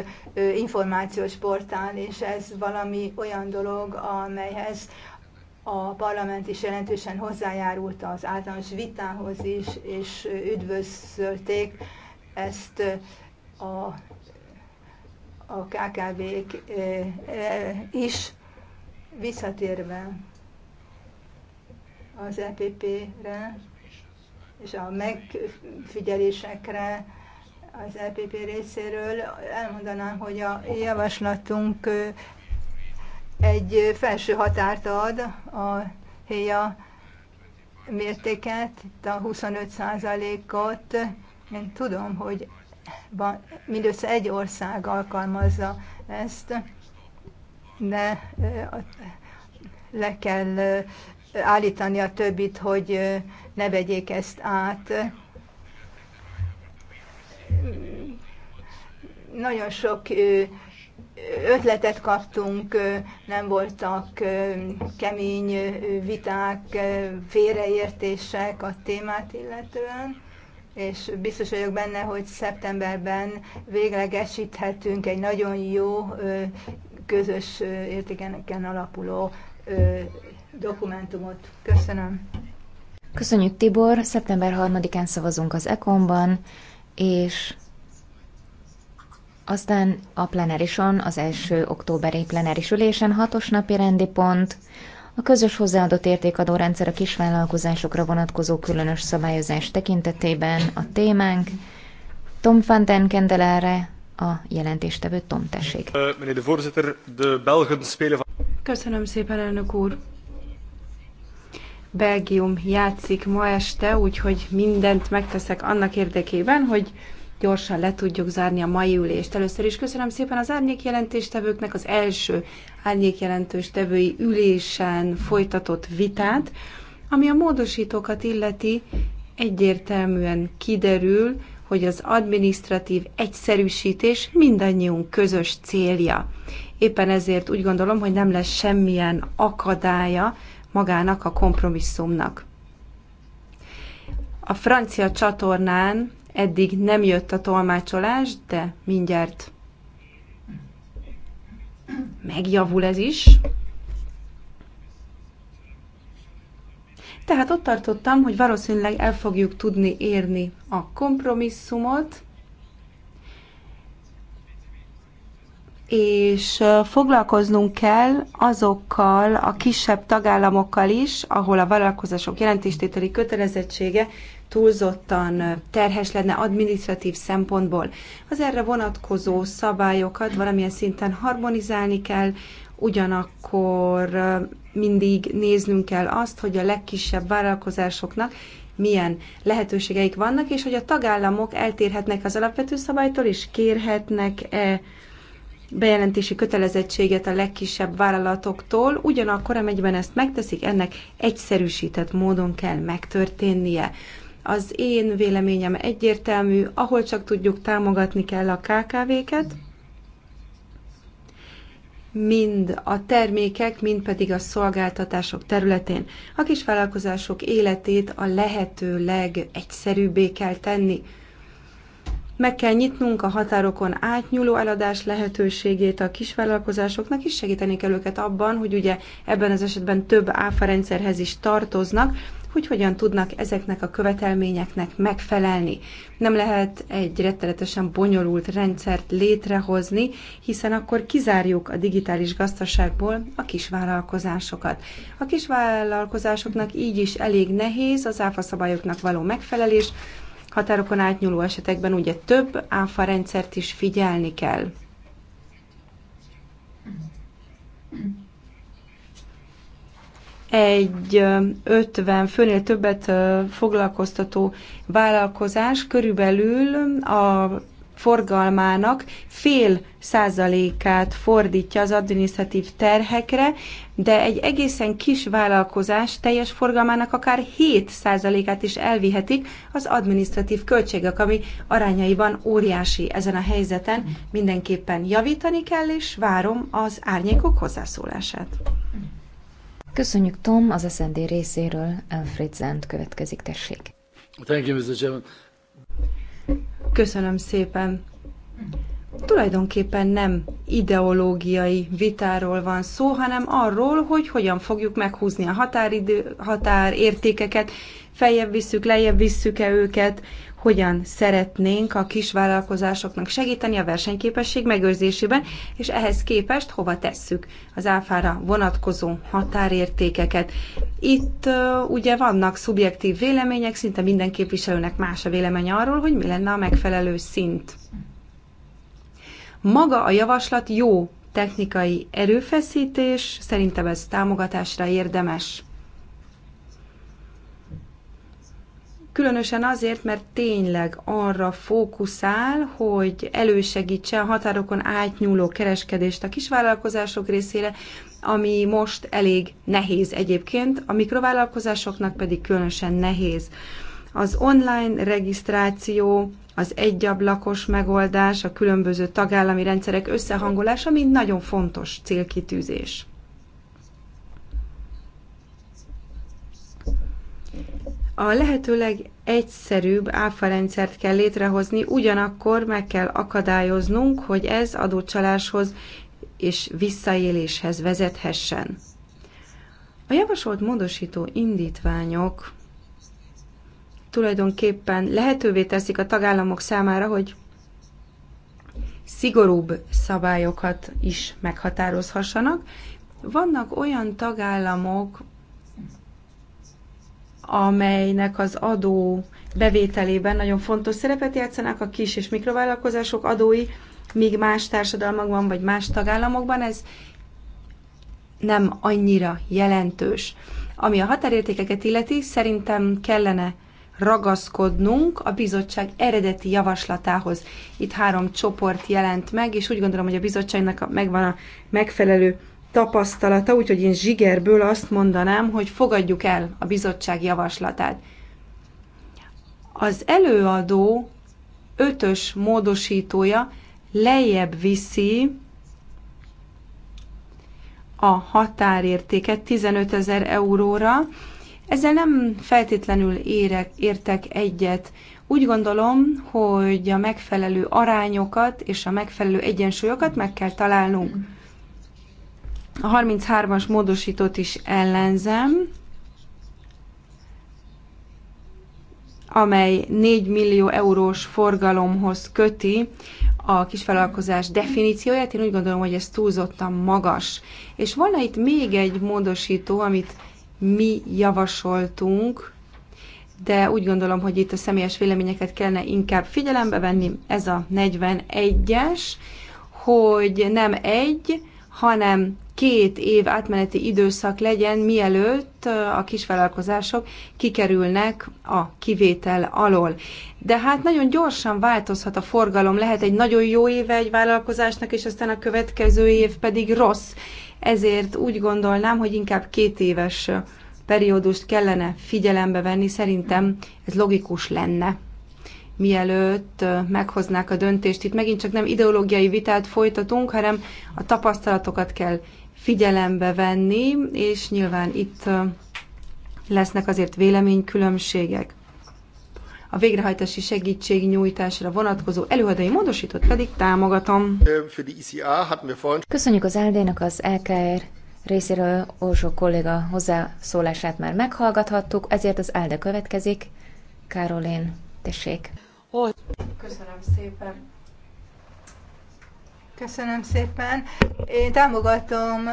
információs portál, és ez valami olyan dolog, amelyhez a parlament is jelentősen hozzájárult az általános vitához is, és üdvözölték ezt a, a KKV-k is. Visszatérve az EPP-re és a megfigyelésekre, az EPP részéről elmondanám, hogy a javaslatunk egy felső határt ad a héja mértéket, itt a 25%-ot. Én tudom, hogy van, mindössze egy ország alkalmazza ezt, de le kell állítani a többit, hogy ne vegyék ezt át nagyon sok ötletet kaptunk, nem voltak kemény viták, félreértések a témát illetően, és biztos vagyok benne, hogy szeptemberben véglegesíthetünk egy nagyon jó közös értékeneken alapuló dokumentumot. Köszönöm. Köszönjük Tibor, szeptember 3-án szavazunk az ECOM-ban, és aztán a plenárison, az első októberi plenáris ülésen hatos napi rendi pont, a közös hozzáadott értékadó rendszer a kisvállalkozásokra vonatkozó különös szabályozás tekintetében a témánk. Tom van den Kendelere, a jelentéstevő Tom tessék. Köszönöm szépen, elnök úr! Belgium játszik ma este, úgyhogy mindent megteszek annak érdekében, hogy gyorsan le tudjuk zárni a mai ülést. Először is köszönöm szépen az árnyékjelentéstevőknek az első árnyékjelentőstevői ülésen folytatott vitát, ami a módosítókat illeti, egyértelműen kiderül, hogy az administratív egyszerűsítés mindannyiunk közös célja. Éppen ezért úgy gondolom, hogy nem lesz semmilyen akadálya magának a kompromisszumnak. A francia csatornán eddig nem jött a tolmácsolás, de mindjárt megjavul ez is. Tehát ott tartottam, hogy valószínűleg el fogjuk tudni érni a kompromisszumot, és foglalkoznunk kell azokkal a kisebb tagállamokkal is, ahol a vállalkozások jelentéstételi kötelezettsége túlzottan terhes lenne administratív szempontból. Az erre vonatkozó szabályokat valamilyen szinten harmonizálni kell, ugyanakkor mindig néznünk kell azt, hogy a legkisebb vállalkozásoknak milyen lehetőségeik vannak, és hogy a tagállamok eltérhetnek az alapvető szabálytól, és kérhetnek-e bejelentési kötelezettséget a legkisebb vállalatoktól, ugyanakkor amennyiben ezt megteszik, ennek egyszerűsített módon kell megtörténnie. Az én véleményem egyértelmű, ahol csak tudjuk, támogatni kell a KKV-ket, mind a termékek, mind pedig a szolgáltatások területén. A kisvállalkozások életét a lehető legegyszerűbbé kell tenni. Meg kell nyitnunk a határokon átnyúló eladás lehetőségét a kisvállalkozásoknak, és segíteni kell őket abban, hogy ugye ebben az esetben több áfa rendszerhez is tartoznak, hogy hogyan tudnak ezeknek a követelményeknek megfelelni. Nem lehet egy rettenetesen bonyolult rendszert létrehozni, hiszen akkor kizárjuk a digitális gazdaságból a kisvállalkozásokat. A kisvállalkozásoknak így is elég nehéz az áfaszabályoknak való megfelelés, határokon átnyúló esetekben ugye több áfa rendszert is figyelni kell. Egy 50 főnél többet foglalkoztató vállalkozás körülbelül a forgalmának fél százalékát fordítja az adminisztratív terhekre, de egy egészen kis vállalkozás teljes forgalmának akár 7 százalékát is elvihetik az adminisztratív költségek, ami arányaiban óriási ezen a helyzeten. Mindenképpen javítani kell, és várom az árnyékok hozzászólását. Köszönjük Tom, az SZND részéről Alfred Zent következik, tessék. Thank you, Mr. Chairman. Köszönöm szépen. Tulajdonképpen nem ideológiai vitáról van szó, hanem arról, hogy hogyan fogjuk meghúzni a határidő, határértékeket, feljebb visszük, lejjebb visszük-e őket, hogyan szeretnénk a kisvállalkozásoknak segíteni a versenyképesség megőrzésében, és ehhez képest hova tesszük az áfára vonatkozó határértékeket. Itt ugye vannak szubjektív vélemények, szinte minden képviselőnek más a véleménye arról, hogy mi lenne a megfelelő szint. Maga a javaslat jó technikai erőfeszítés, szerintem ez támogatásra érdemes. különösen azért, mert tényleg arra fókuszál, hogy elősegítse a határokon átnyúló kereskedést a kisvállalkozások részére, ami most elég nehéz egyébként, a mikrovállalkozásoknak pedig különösen nehéz. Az online regisztráció, az egyablakos megoldás, a különböző tagállami rendszerek összehangolása mind nagyon fontos célkitűzés. A lehető legegyszerűbb áfarendszert kell létrehozni, ugyanakkor meg kell akadályoznunk, hogy ez adócsaláshoz és visszaéléshez vezethessen. A javasolt módosító indítványok tulajdonképpen lehetővé teszik a tagállamok számára, hogy szigorúbb szabályokat is meghatározhassanak. Vannak olyan tagállamok, amelynek az adó bevételében nagyon fontos szerepet játszanak a kis és mikrovállalkozások adói, míg más társadalmakban vagy más tagállamokban ez nem annyira jelentős. Ami a határértékeket illeti, szerintem kellene ragaszkodnunk a bizottság eredeti javaslatához. Itt három csoport jelent meg, és úgy gondolom, hogy a bizottságnak megvan a megfelelő tapasztalata, úgyhogy én zsigerből azt mondanám, hogy fogadjuk el a bizottság javaslatát. Az előadó ötös módosítója lejjebb viszi a határértéket 15 ezer euróra. Ezzel nem feltétlenül érek, értek egyet. Úgy gondolom, hogy a megfelelő arányokat és a megfelelő egyensúlyokat meg kell találnunk. A 33-as módosítót is ellenzem, amely 4 millió eurós forgalomhoz köti a kisvállalkozás definícióját. Én úgy gondolom, hogy ez túlzottan magas. És volna itt még egy módosító, amit mi javasoltunk, de úgy gondolom, hogy itt a személyes véleményeket kellene inkább figyelembe venni. Ez a 41-es, hogy nem egy, hanem két év átmeneti időszak legyen, mielőtt a kisvállalkozások kikerülnek a kivétel alól. De hát nagyon gyorsan változhat a forgalom, lehet egy nagyon jó éve egy vállalkozásnak, és aztán a következő év pedig rossz. Ezért úgy gondolnám, hogy inkább két éves periódust kellene figyelembe venni, szerintem ez logikus lenne mielőtt meghoznák a döntést. Itt megint csak nem ideológiai vitát folytatunk, hanem a tapasztalatokat kell figyelembe venni, és nyilván itt lesznek azért véleménykülönbségek. A végrehajtási segítség nyújtásra vonatkozó előadói módosítót pedig támogatom. Köszönjük az Áldénak az LKR részéről Orsó kolléga hozzászólását már meghallgathattuk, ezért az elde következik. Károlén, tessék! Köszönöm szépen. Köszönöm szépen. Én támogatom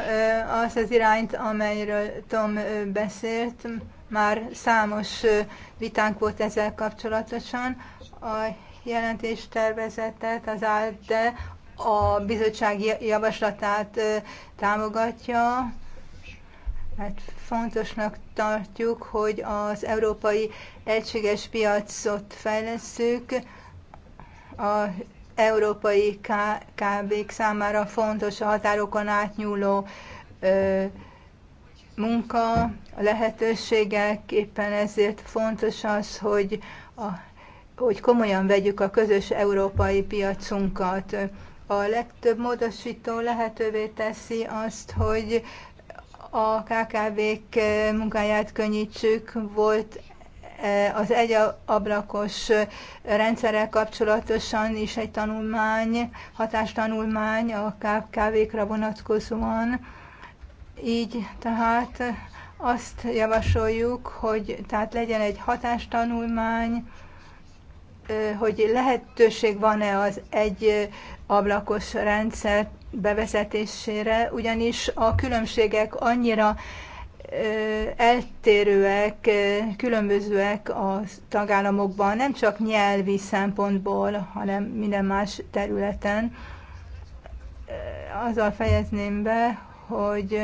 azt az irányt, amelyről Tom beszélt. Már számos vitánk volt ezzel kapcsolatosan. A jelentéstervezetet az ALDE a bizottság javaslatát támogatja. Hát fontosnak tartjuk, hogy az európai egységes piacot fejleszünk. a európai kb számára fontos a határokon átnyúló ö, munka, a lehetőségek, éppen ezért fontos az, hogy, a, hogy komolyan vegyük a közös európai piacunkat. A legtöbb módosító lehetővé teszi azt, hogy a KKV-k eh, munkáját könnyítsük, volt eh, az egyablakos eh, rendszerrel kapcsolatosan is egy tanulmány, hatástanulmány a KKV-kra vonatkozóan. Így tehát azt javasoljuk, hogy tehát legyen egy hatástanulmány, hogy lehetőség van-e az egy ablakos rendszert bevezetésére, ugyanis a különbségek annyira eltérőek, különbözőek a tagállamokban, nem csak nyelvi szempontból, hanem minden más területen. Azzal fejezném be, hogy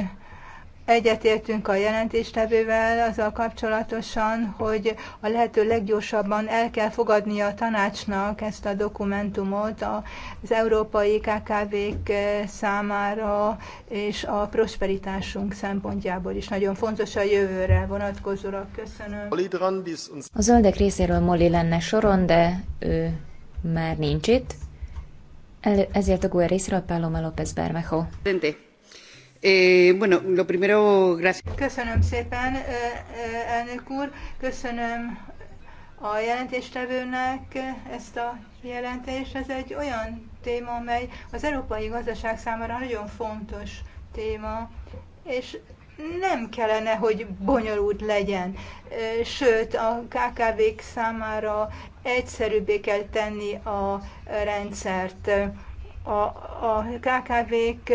Egyetértünk a jelentéstevővel azzal kapcsolatosan, hogy a lehető leggyorsabban el kell fogadnia a tanácsnak ezt a dokumentumot az európai KKV-k számára és a prosperitásunk szempontjából is. Nagyon fontos a jövőre Vonatkozóra Köszönöm. A zöldek részéről Molly lenne soron, de ő már nincs itt. El, ezért a GUE részről Paloma López Bermejo. Eh, bueno, lo primero, gracias. Köszönöm szépen, eh, eh, elnök úr. Köszönöm a jelentéstevőnek ezt a jelentést. Ez egy olyan téma, amely az európai gazdaság számára nagyon fontos téma, és nem kellene, hogy bonyolult legyen. Eh, sőt, a KKV-k számára egyszerűbbé kell tenni a rendszert a, a KKV-k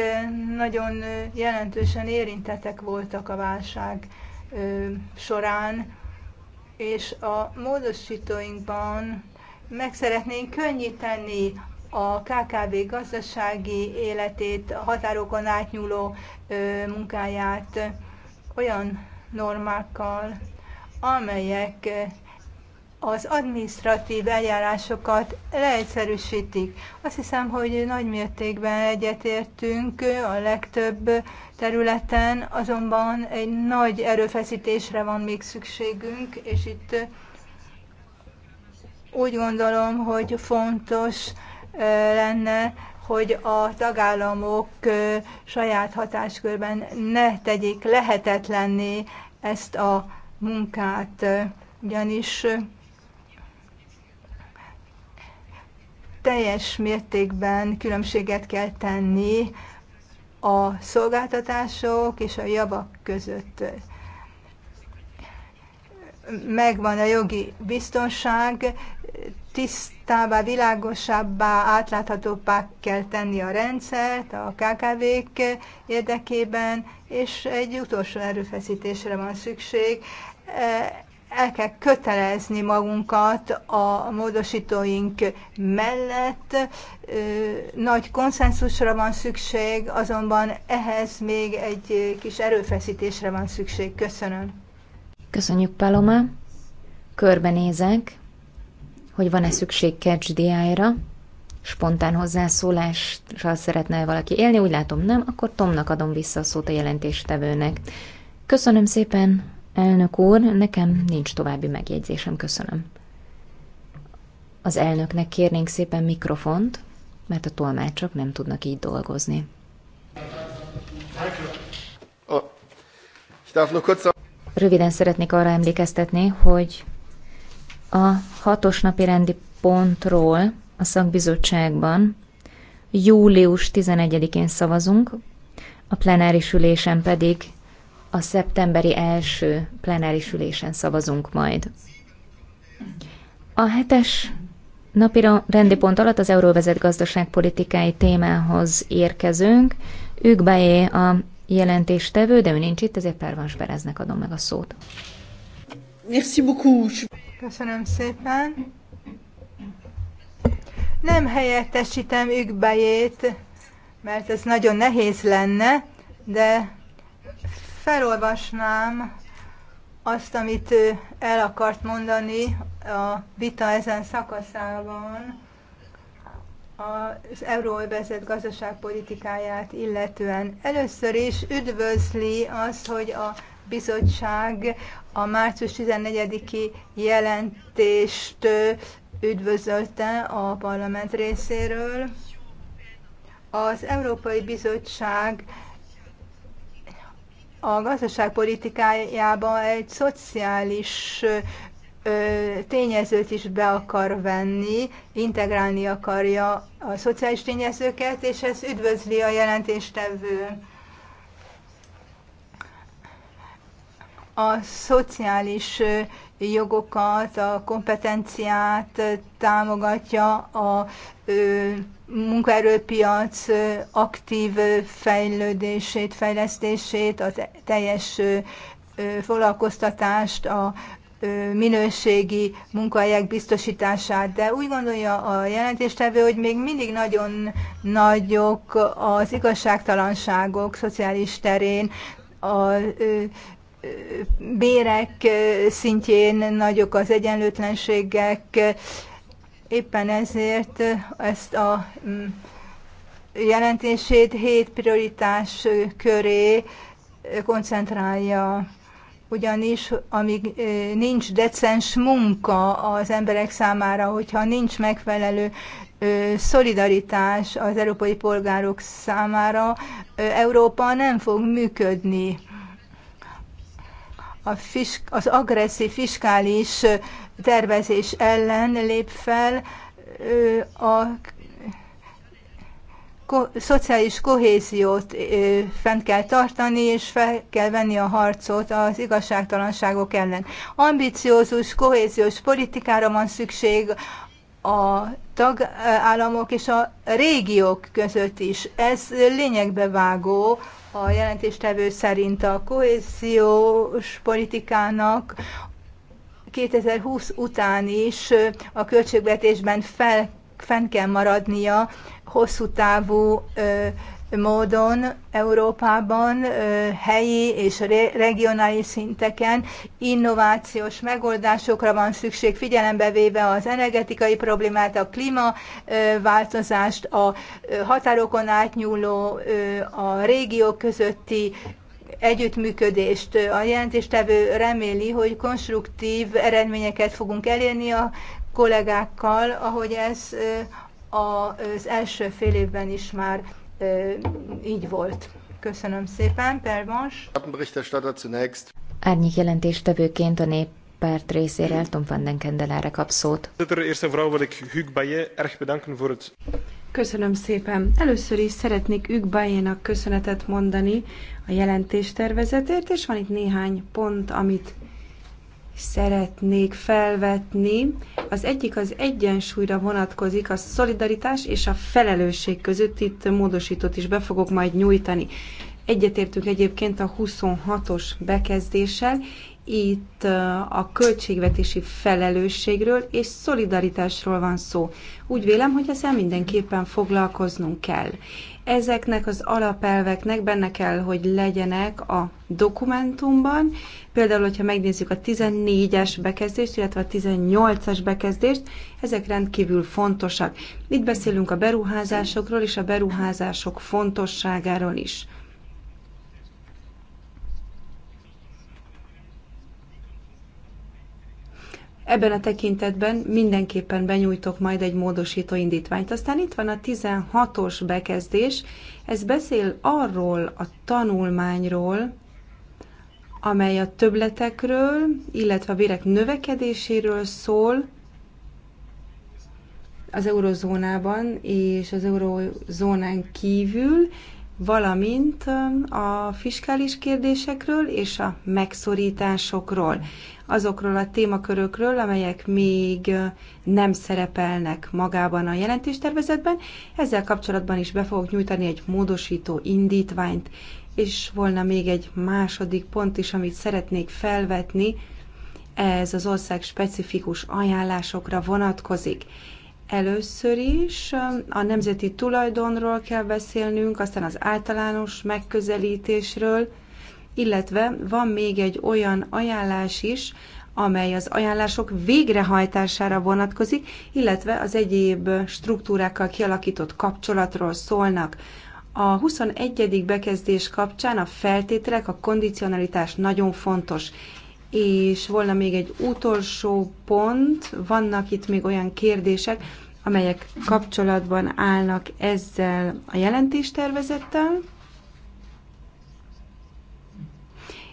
nagyon jelentősen érintettek voltak a válság során, és a módosítóinkban meg szeretnénk könnyíteni a KKV gazdasági életét, a határokon átnyúló munkáját olyan normákkal, amelyek az administratív eljárásokat leegyszerűsítik. Azt hiszem, hogy nagy mértékben egyetértünk a legtöbb területen, azonban egy nagy erőfeszítésre van még szükségünk, és itt úgy gondolom, hogy fontos eh, lenne, hogy a tagállamok eh, saját hatáskörben ne tegyék lehetetlenné ezt a munkát, eh, ugyanis teljes mértékben különbséget kell tenni a szolgáltatások és a javak között. Megvan a jogi biztonság, tisztábbá, világosabbá, átláthatóbbá kell tenni a rendszert a KKV-k érdekében, és egy utolsó erőfeszítésre van szükség el kell kötelezni magunkat a módosítóink mellett. Nagy konszenzusra van szükség, azonban ehhez még egy kis erőfeszítésre van szükség. Köszönöm. Köszönjük, Paloma. Körbenézek, hogy van-e szükség catch ra spontán hozzászólással szeretne valaki élni, úgy látom nem, akkor Tomnak adom vissza a szót a jelentéstevőnek. Köszönöm szépen, Elnök úr, nekem nincs további megjegyzésem, köszönöm. Az elnöknek kérnénk szépen mikrofont, mert a tolmácsok nem tudnak így dolgozni. Oh, Röviden szeretnék arra emlékeztetni, hogy a hatos napi rendi pontról a szakbizottságban július 11-én szavazunk, a plenáris ülésen pedig a szeptemberi első plenáris ülésen szavazunk majd. A hetes napi rendi pont alatt az Euróvezet gazdaságpolitikai témához érkezünk. Ők beé a jelentéstevő, de ő nincs itt, ezért Pervans Bereznek adom meg a szót. Merci beaucoup. Köszönöm szépen. Nem helyettesítem Ügbejét, mert ez nagyon nehéz lenne, de felolvasnám azt, amit ő el akart mondani a vita ezen szakaszában az euróövezet gazdaságpolitikáját illetően. Először is üdvözli az, hogy a bizottság a március 14-i jelentést üdvözölte a parlament részéről. Az Európai Bizottság a gazdaságpolitikájába egy szociális tényezőt is be akar venni, integrálni akarja a szociális tényezőket, és ez üdvözli a jelentéstevő. A szociális jogokat, a kompetenciát támogatja a munkaerőpiac aktív fejlődését, fejlesztését, a teljes foglalkoztatást, a minőségi munkahelyek biztosítását, de úgy gondolja a jelentéstevő, hogy még mindig nagyon nagyok az igazságtalanságok szociális terén, a bérek szintjén nagyok az egyenlőtlenségek, Éppen ezért ezt a mm, jelentését hét prioritás köré koncentrálja ugyanis amíg eh, nincs decens munka az emberek számára, hogyha nincs megfelelő eh, szolidaritás az európai polgárok számára, eh, Európa nem fog működni a fisk, az agresszív fiskális tervezés ellen lép fel, a ko- szociális kohéziót fent kell tartani, és fel kell venni a harcot az igazságtalanságok ellen. Ambiciózus, kohéziós politikára van szükség a tagállamok és a régiók között is. Ez lényegbe vágó a jelentéstevő szerint a kohéziós politikának 2020 után is a költségvetésben fel, fenn kell maradnia hosszú távú módon Európában helyi és regionális szinteken innovációs megoldásokra van szükség, figyelembe véve az energetikai problémát, a klímaváltozást, a határokon átnyúló, a régiók közötti együttműködést. A jelentéstevő reméli, hogy konstruktív eredményeket fogunk elérni a kollégákkal, ahogy ez az első fél évben is már így volt. Köszönöm szépen, Pervans. Árnyék jelentéstevőként a nép párt részéről Tom van den Kendelára kap szót. Köszönöm szépen. Először is szeretnék Hugues Bayénak köszönetet mondani a jelentéstervezetért, és van itt néhány pont, amit szeretnék felvetni. Az egyik az egyensúlyra vonatkozik, a szolidaritás és a felelősség között. Itt módosított is be fogok majd nyújtani. Egyetértünk egyébként a 26-os bekezdéssel, itt a költségvetési felelősségről és szolidaritásról van szó. Úgy vélem, hogy ezzel mindenképpen foglalkoznunk kell. Ezeknek az alapelveknek benne kell, hogy legyenek a dokumentumban. Például, hogyha megnézzük a 14-es bekezdést, illetve a 18-as bekezdést, ezek rendkívül fontosak. Itt beszélünk a beruházásokról és a beruházások fontosságáról is. Ebben a tekintetben mindenképpen benyújtok majd egy módosító indítványt. Aztán itt van a 16-os bekezdés, ez beszél arról a tanulmányról, amely a töbletekről, illetve a vérek növekedéséről szól az eurozónában és az eurozónán kívül, valamint a fiskális kérdésekről és a megszorításokról, azokról a témakörökről, amelyek még nem szerepelnek magában a jelentéstervezetben. Ezzel kapcsolatban is be fogok nyújtani egy módosító indítványt, és volna még egy második pont is, amit szeretnék felvetni, ez az ország specifikus ajánlásokra vonatkozik. Először is a nemzeti tulajdonról kell beszélnünk, aztán az általános megközelítésről, illetve van még egy olyan ajánlás is, amely az ajánlások végrehajtására vonatkozik, illetve az egyéb struktúrákkal kialakított kapcsolatról szólnak. A 21. bekezdés kapcsán a feltételek, a kondicionalitás nagyon fontos. És volna még egy utolsó pont, vannak itt még olyan kérdések, amelyek kapcsolatban állnak ezzel a jelentéstervezettel.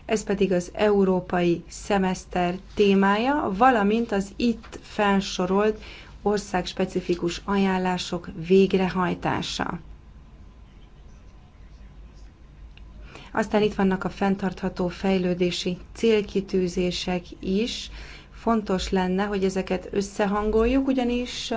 Ez pedig az európai szemeszter témája, valamint az itt felsorolt országspecifikus ajánlások végrehajtása. Aztán itt vannak a fenntartható fejlődési célkitűzések is. Fontos lenne, hogy ezeket összehangoljuk, ugyanis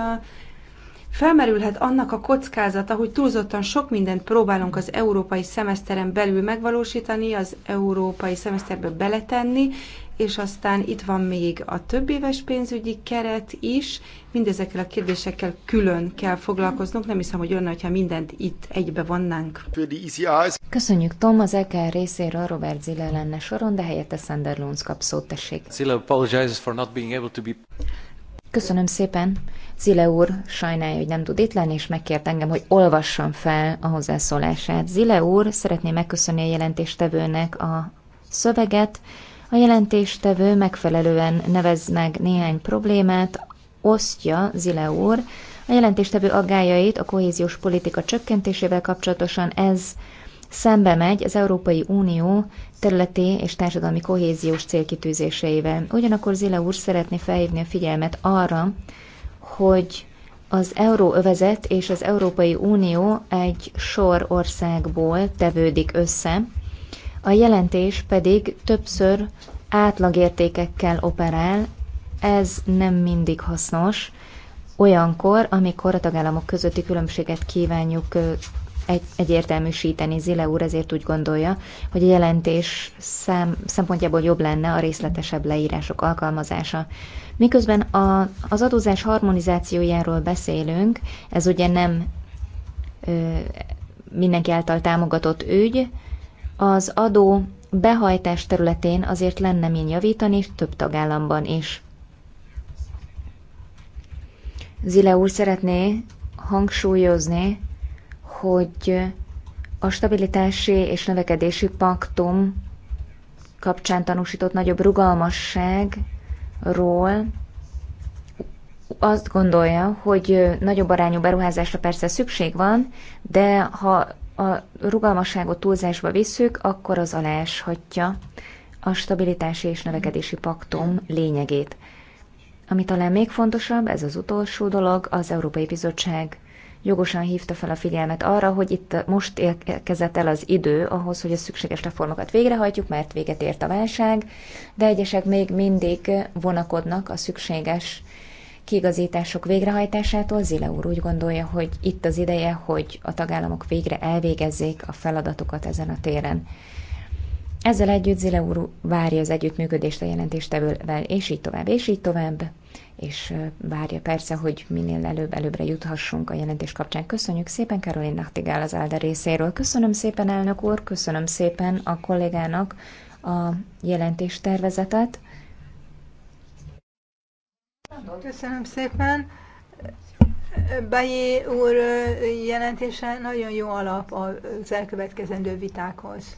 Felmerülhet annak a kockázata, hogy túlzottan sok mindent próbálunk az európai szemeszteren belül megvalósítani, az európai szemeszterbe beletenni, és aztán itt van még a több éves pénzügyi keret is. Mindezekkel a kérdésekkel külön kell foglalkoznunk. Nem hiszem, hogy olyan, hogyha mindent itt egybe vannánk. Köszönjük Tom, az EKR részéről Robert Zille lenne soron, de helyette Sander Lunds kap szót, tessék. Zille apologizes for not being able to be... Köszönöm szépen. Zile úr sajnálja, hogy nem tud itt lenni, és megkért engem, hogy olvassam fel a hozzászólását. Zile úr szeretné megköszönni a jelentéstevőnek a szöveget. A jelentéstevő megfelelően nevez meg néhány problémát, osztja Zile úr a jelentéstevő aggájait a kohéziós politika csökkentésével kapcsolatosan ez szembe megy az Európai Unió területi és társadalmi kohéziós célkitűzéseivel. Ugyanakkor Zile úr szeretné felhívni a figyelmet arra, hogy az euróövezet és az Európai Unió egy sor országból tevődik össze, a jelentés pedig többször átlagértékekkel operál, ez nem mindig hasznos, olyankor, amikor a tagállamok közötti különbséget kívánjuk egy, egyértelműsíteni. Zile úr ezért úgy gondolja, hogy a jelentés szám, szempontjából jobb lenne a részletesebb leírások alkalmazása. Miközben a, az adózás harmonizációjáról beszélünk, ez ugye nem ö, mindenki által támogatott ügy, az adó behajtás területén azért lenne min javítani, több tagállamban is. Zile úr szeretné hangsúlyozni, hogy a stabilitási és növekedési paktum kapcsán tanúsított nagyobb rugalmasság ról azt gondolja, hogy nagyobb arányú beruházásra persze szükség van, de ha a rugalmasságot túlzásba visszük, akkor az aláshatja a stabilitási és növekedési paktum lényegét. Ami talán még fontosabb, ez az utolsó dolog, az Európai Bizottság jogosan hívta fel a figyelmet arra, hogy itt most érkezett el az idő ahhoz, hogy a szükséges reformokat végrehajtjuk, mert véget ért a válság, de egyesek még mindig vonakodnak a szükséges kigazítások végrehajtásától. Zile úr úgy gondolja, hogy itt az ideje, hogy a tagállamok végre elvégezzék a feladatukat ezen a téren. Ezzel együtt Zile úr várja az együttműködést a jelentéstevővel, és így tovább, és így tovább, és várja persze, hogy minél előbb előbbre juthassunk a jelentés kapcsán. Köszönjük szépen Karolin Nachtigál az Álda részéről. Köszönöm szépen, elnök úr, köszönöm szépen a kollégának a jelentéstervezetet. Köszönöm szépen. Bajé úr jelentése nagyon jó alap az elkövetkezendő vitákhoz.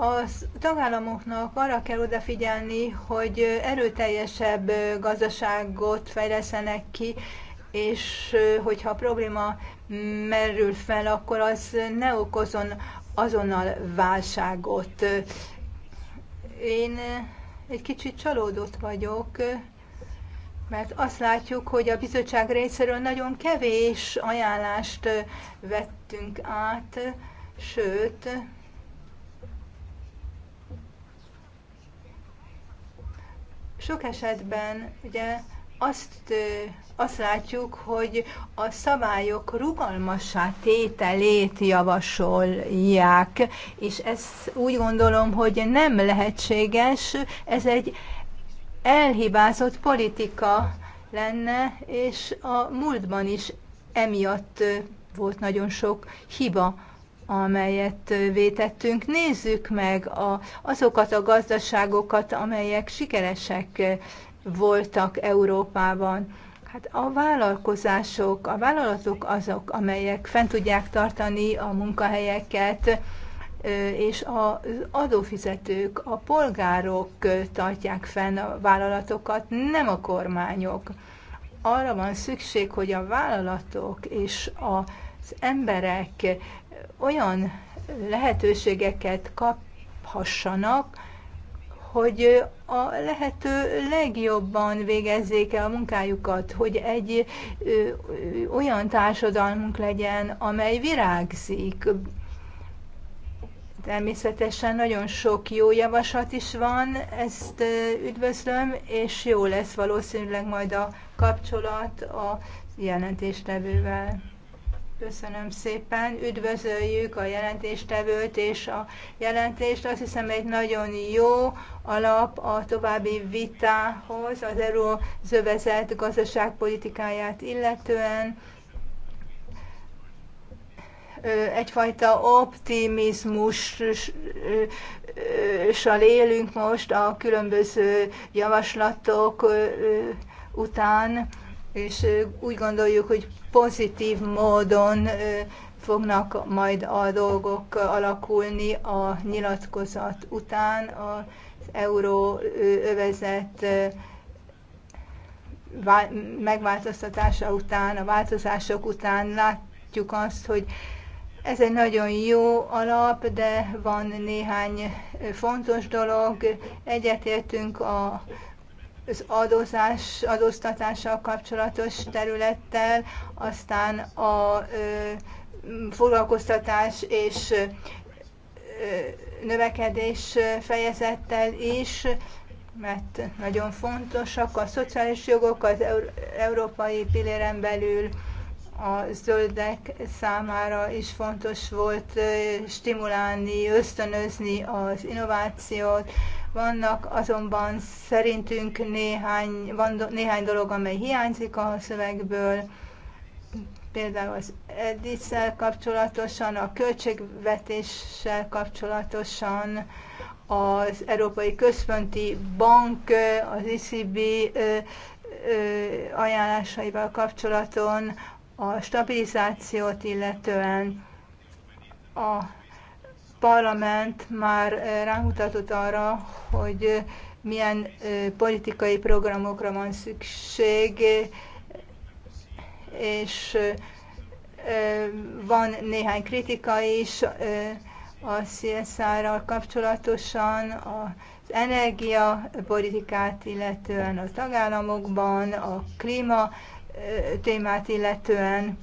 A tagállamoknak arra kell odafigyelni, hogy erőteljesebb gazdaságot fejleszenek ki, és hogyha a probléma merül fel, akkor az ne okozon azonnal válságot. Én egy kicsit csalódott vagyok, mert azt látjuk, hogy a bizottság részéről nagyon kevés ajánlást vettünk át, sőt, Sok esetben ugye azt, azt látjuk, hogy a szabályok rugalmassá tételét javasolják, és ez úgy gondolom, hogy nem lehetséges, ez egy elhibázott politika lenne, és a múltban is emiatt volt nagyon sok hiba amelyet vétettünk. Nézzük meg a, azokat a gazdaságokat, amelyek sikeresek voltak Európában. Hát a vállalkozások, a vállalatok azok, amelyek fent tudják tartani a munkahelyeket, és az adófizetők, a polgárok tartják fenn a vállalatokat, nem a kormányok. Arra van szükség, hogy a vállalatok és az emberek olyan lehetőségeket kaphassanak, hogy a lehető legjobban végezzék el a munkájukat, hogy egy ö, ö, olyan társadalmunk legyen, amely virágzik. Természetesen nagyon sok jó javaslat is van, ezt ö, üdvözlöm, és jó lesz valószínűleg majd a kapcsolat a jelentéstevővel. Köszönöm szépen, üdvözöljük a jelentéstevőt és a jelentést. Azt hiszem egy nagyon jó alap a további vitához az euró-zövezet gazdaságpolitikáját illetően. Egyfajta optimizmussal élünk most a különböző javaslatok után és úgy gondoljuk, hogy pozitív módon fognak majd a dolgok alakulni a nyilatkozat után az euróövezet megváltoztatása után, a változások után látjuk azt, hogy ez egy nagyon jó alap, de van néhány fontos dolog. Egyetértünk a az adózás, adóztatással kapcsolatos területtel, aztán a ö, foglalkoztatás és ö, növekedés fejezettel is, mert nagyon fontosak a szociális jogok az európai pilléren belül, a zöldek számára is fontos volt stimulálni, ösztönözni az innovációt, vannak azonban szerintünk néhány, van néhány dolog, amely hiányzik a szövegből, például az edis kapcsolatosan, a költségvetéssel kapcsolatosan, az Európai Központi Bank, az ECB ajánlásaival kapcsolaton, a stabilizációt illetően a parlament már eh, rámutatott arra, hogy eh, milyen eh, politikai programokra van szükség, és van néhány kritika is a CSR-ral kapcsolatosan, az energiapolitikát illetően a tagállamokban, a klíma témát illetően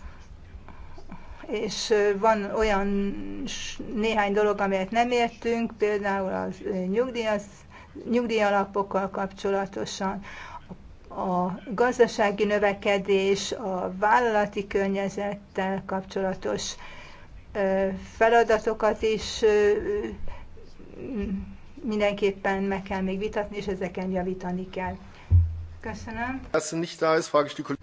és van olyan néhány dolog, amelyet nem értünk, például a nyugdíjas nyugdíjalapokkal kapcsolatosan, a gazdasági növekedés, a vállalati környezettel kapcsolatos feladatokat is mindenképpen meg kell még vitatni, és ezeken javítani kell. Köszönöm.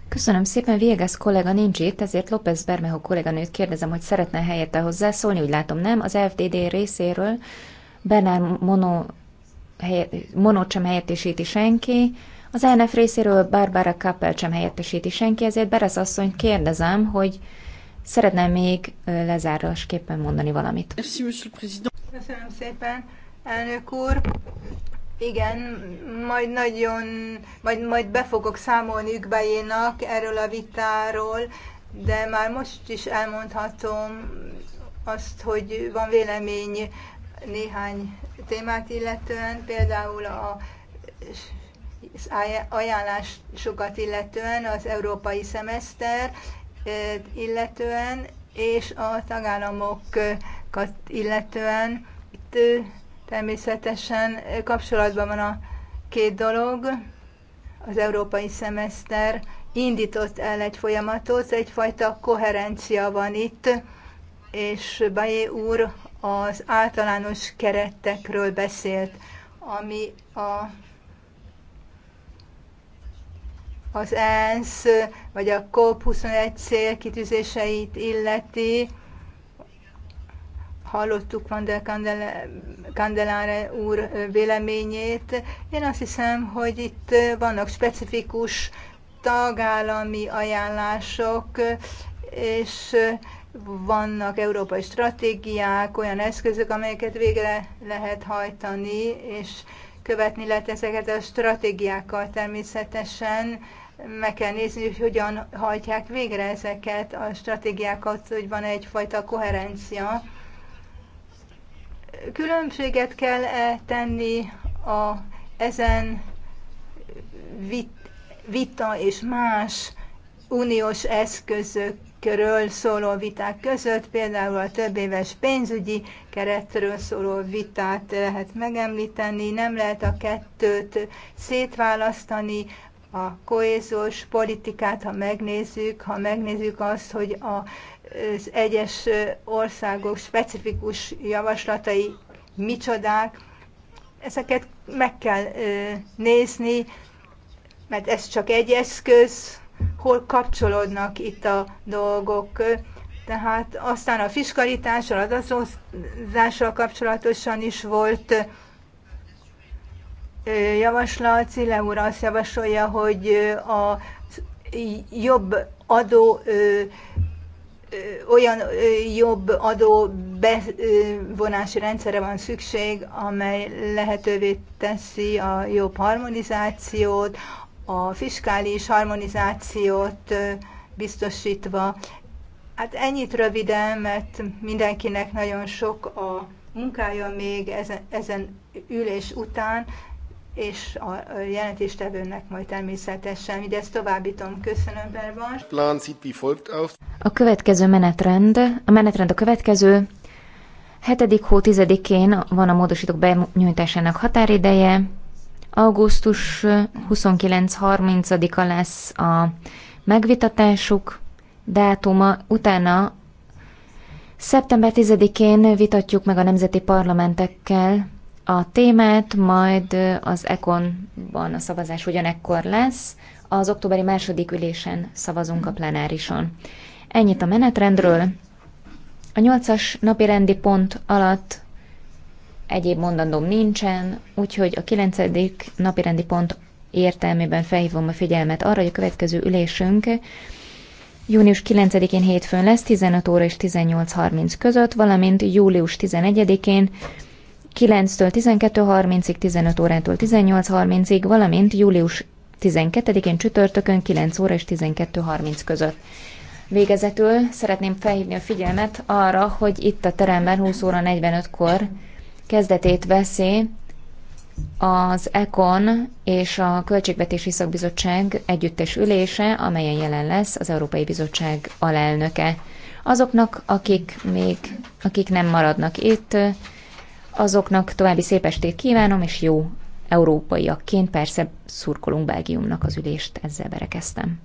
Köszönöm szépen, Viegas kollega nincs itt, ezért López Bermeho kolléganőt kérdezem, hogy szeretne helyette hozzászólni, úgy látom nem. Az FDD részéről Bernár Mono, helye, Monót sem helyettesíti senki, az NF részéről Barbara Kappel sem helyettesíti senki, ezért Beres asszonyt kérdezem, hogy szeretném még lezárásképpen mondani valamit. Köszönöm szépen, elnök úr. Igen, majd nagyon, majd, majd be fogok számolni Ükbejénak erről a vitáról, de már most is elmondhatom azt, hogy van vélemény néhány témát illetően, például a az ajánlásokat illetően, az európai szemeszter illetően, és a tagállamokat illetően. Itt Természetesen kapcsolatban van a két dolog. Az európai szemeszter indított el egy folyamatot, egyfajta koherencia van itt, és Bajé úr az általános keretekről beszélt, ami a, az ENSZ vagy a COP21 célkitűzéseit illeti, hallottuk Van der Kandele, Kandeláre úr véleményét. Én azt hiszem, hogy itt vannak specifikus tagállami ajánlások, és vannak európai stratégiák, olyan eszközök, amelyeket végre lehet hajtani, és követni lehet ezeket a stratégiákkal természetesen. Meg kell nézni, hogy hogyan hajtják végre ezeket a stratégiákat, hogy van egyfajta koherencia Különbséget kell -e tenni a ezen vita és más uniós eszközökről szóló viták között, például a több éves pénzügyi keretről szóló vitát lehet megemlíteni, nem lehet a kettőt szétválasztani, a kohéziós politikát, ha megnézzük, ha megnézzük azt, hogy a, az egyes országok specifikus javaslatai micsodák, ezeket meg kell nézni, mert ez csak egy eszköz, hol kapcsolódnak itt a dolgok. Tehát aztán a fiskalitással, adatozással kapcsolatosan is volt javaslat, Cille úr azt javasolja, hogy a jobb adó olyan jobb adó bevonási rendszerre van szükség, amely lehetővé teszi a jobb harmonizációt, a fiskális harmonizációt biztosítva. Hát ennyit röviden, mert mindenkinek nagyon sok a munkája még ezen, ezen ülés után, és a jelentéstevőnek majd természetesen ezt továbbítom. Köszönöm, Bervas. Plan folgt A következő menetrend, a menetrend a következő. 7. hó 10-én van a módosítók benyújtásának határideje. Augusztus 29-30-a lesz a megvitatásuk dátuma, utána Szeptember 10-én vitatjuk meg a nemzeti parlamentekkel a témát, majd az ECON-ban a szavazás ugyanekkor lesz, az októberi második ülésen szavazunk a plenárison. Ennyit a menetrendről. A nyolcas napi rendi pont alatt egyéb mondandóm nincsen, úgyhogy a kilencedik napi rendi pont értelmében felhívom a figyelmet arra, hogy a következő ülésünk június 9-én hétfőn lesz 15 óra és 18.30 között, valamint július 11-én 9-től 12.30-ig, 15 órától 18.30-ig, valamint július 12-én csütörtökön 9 óra és 12.30 között. Végezetül szeretném felhívni a figyelmet arra, hogy itt a teremben 20 óra 45-kor kezdetét veszi az ECON és a Költségvetési Szakbizottság együttes ülése, amelyen jelen lesz az Európai Bizottság alelnöke. Azoknak, akik még, akik nem maradnak itt, Azoknak további szép estét kívánom, és jó európaiakként persze szurkolunk Belgiumnak az ülést, ezzel berekeztem.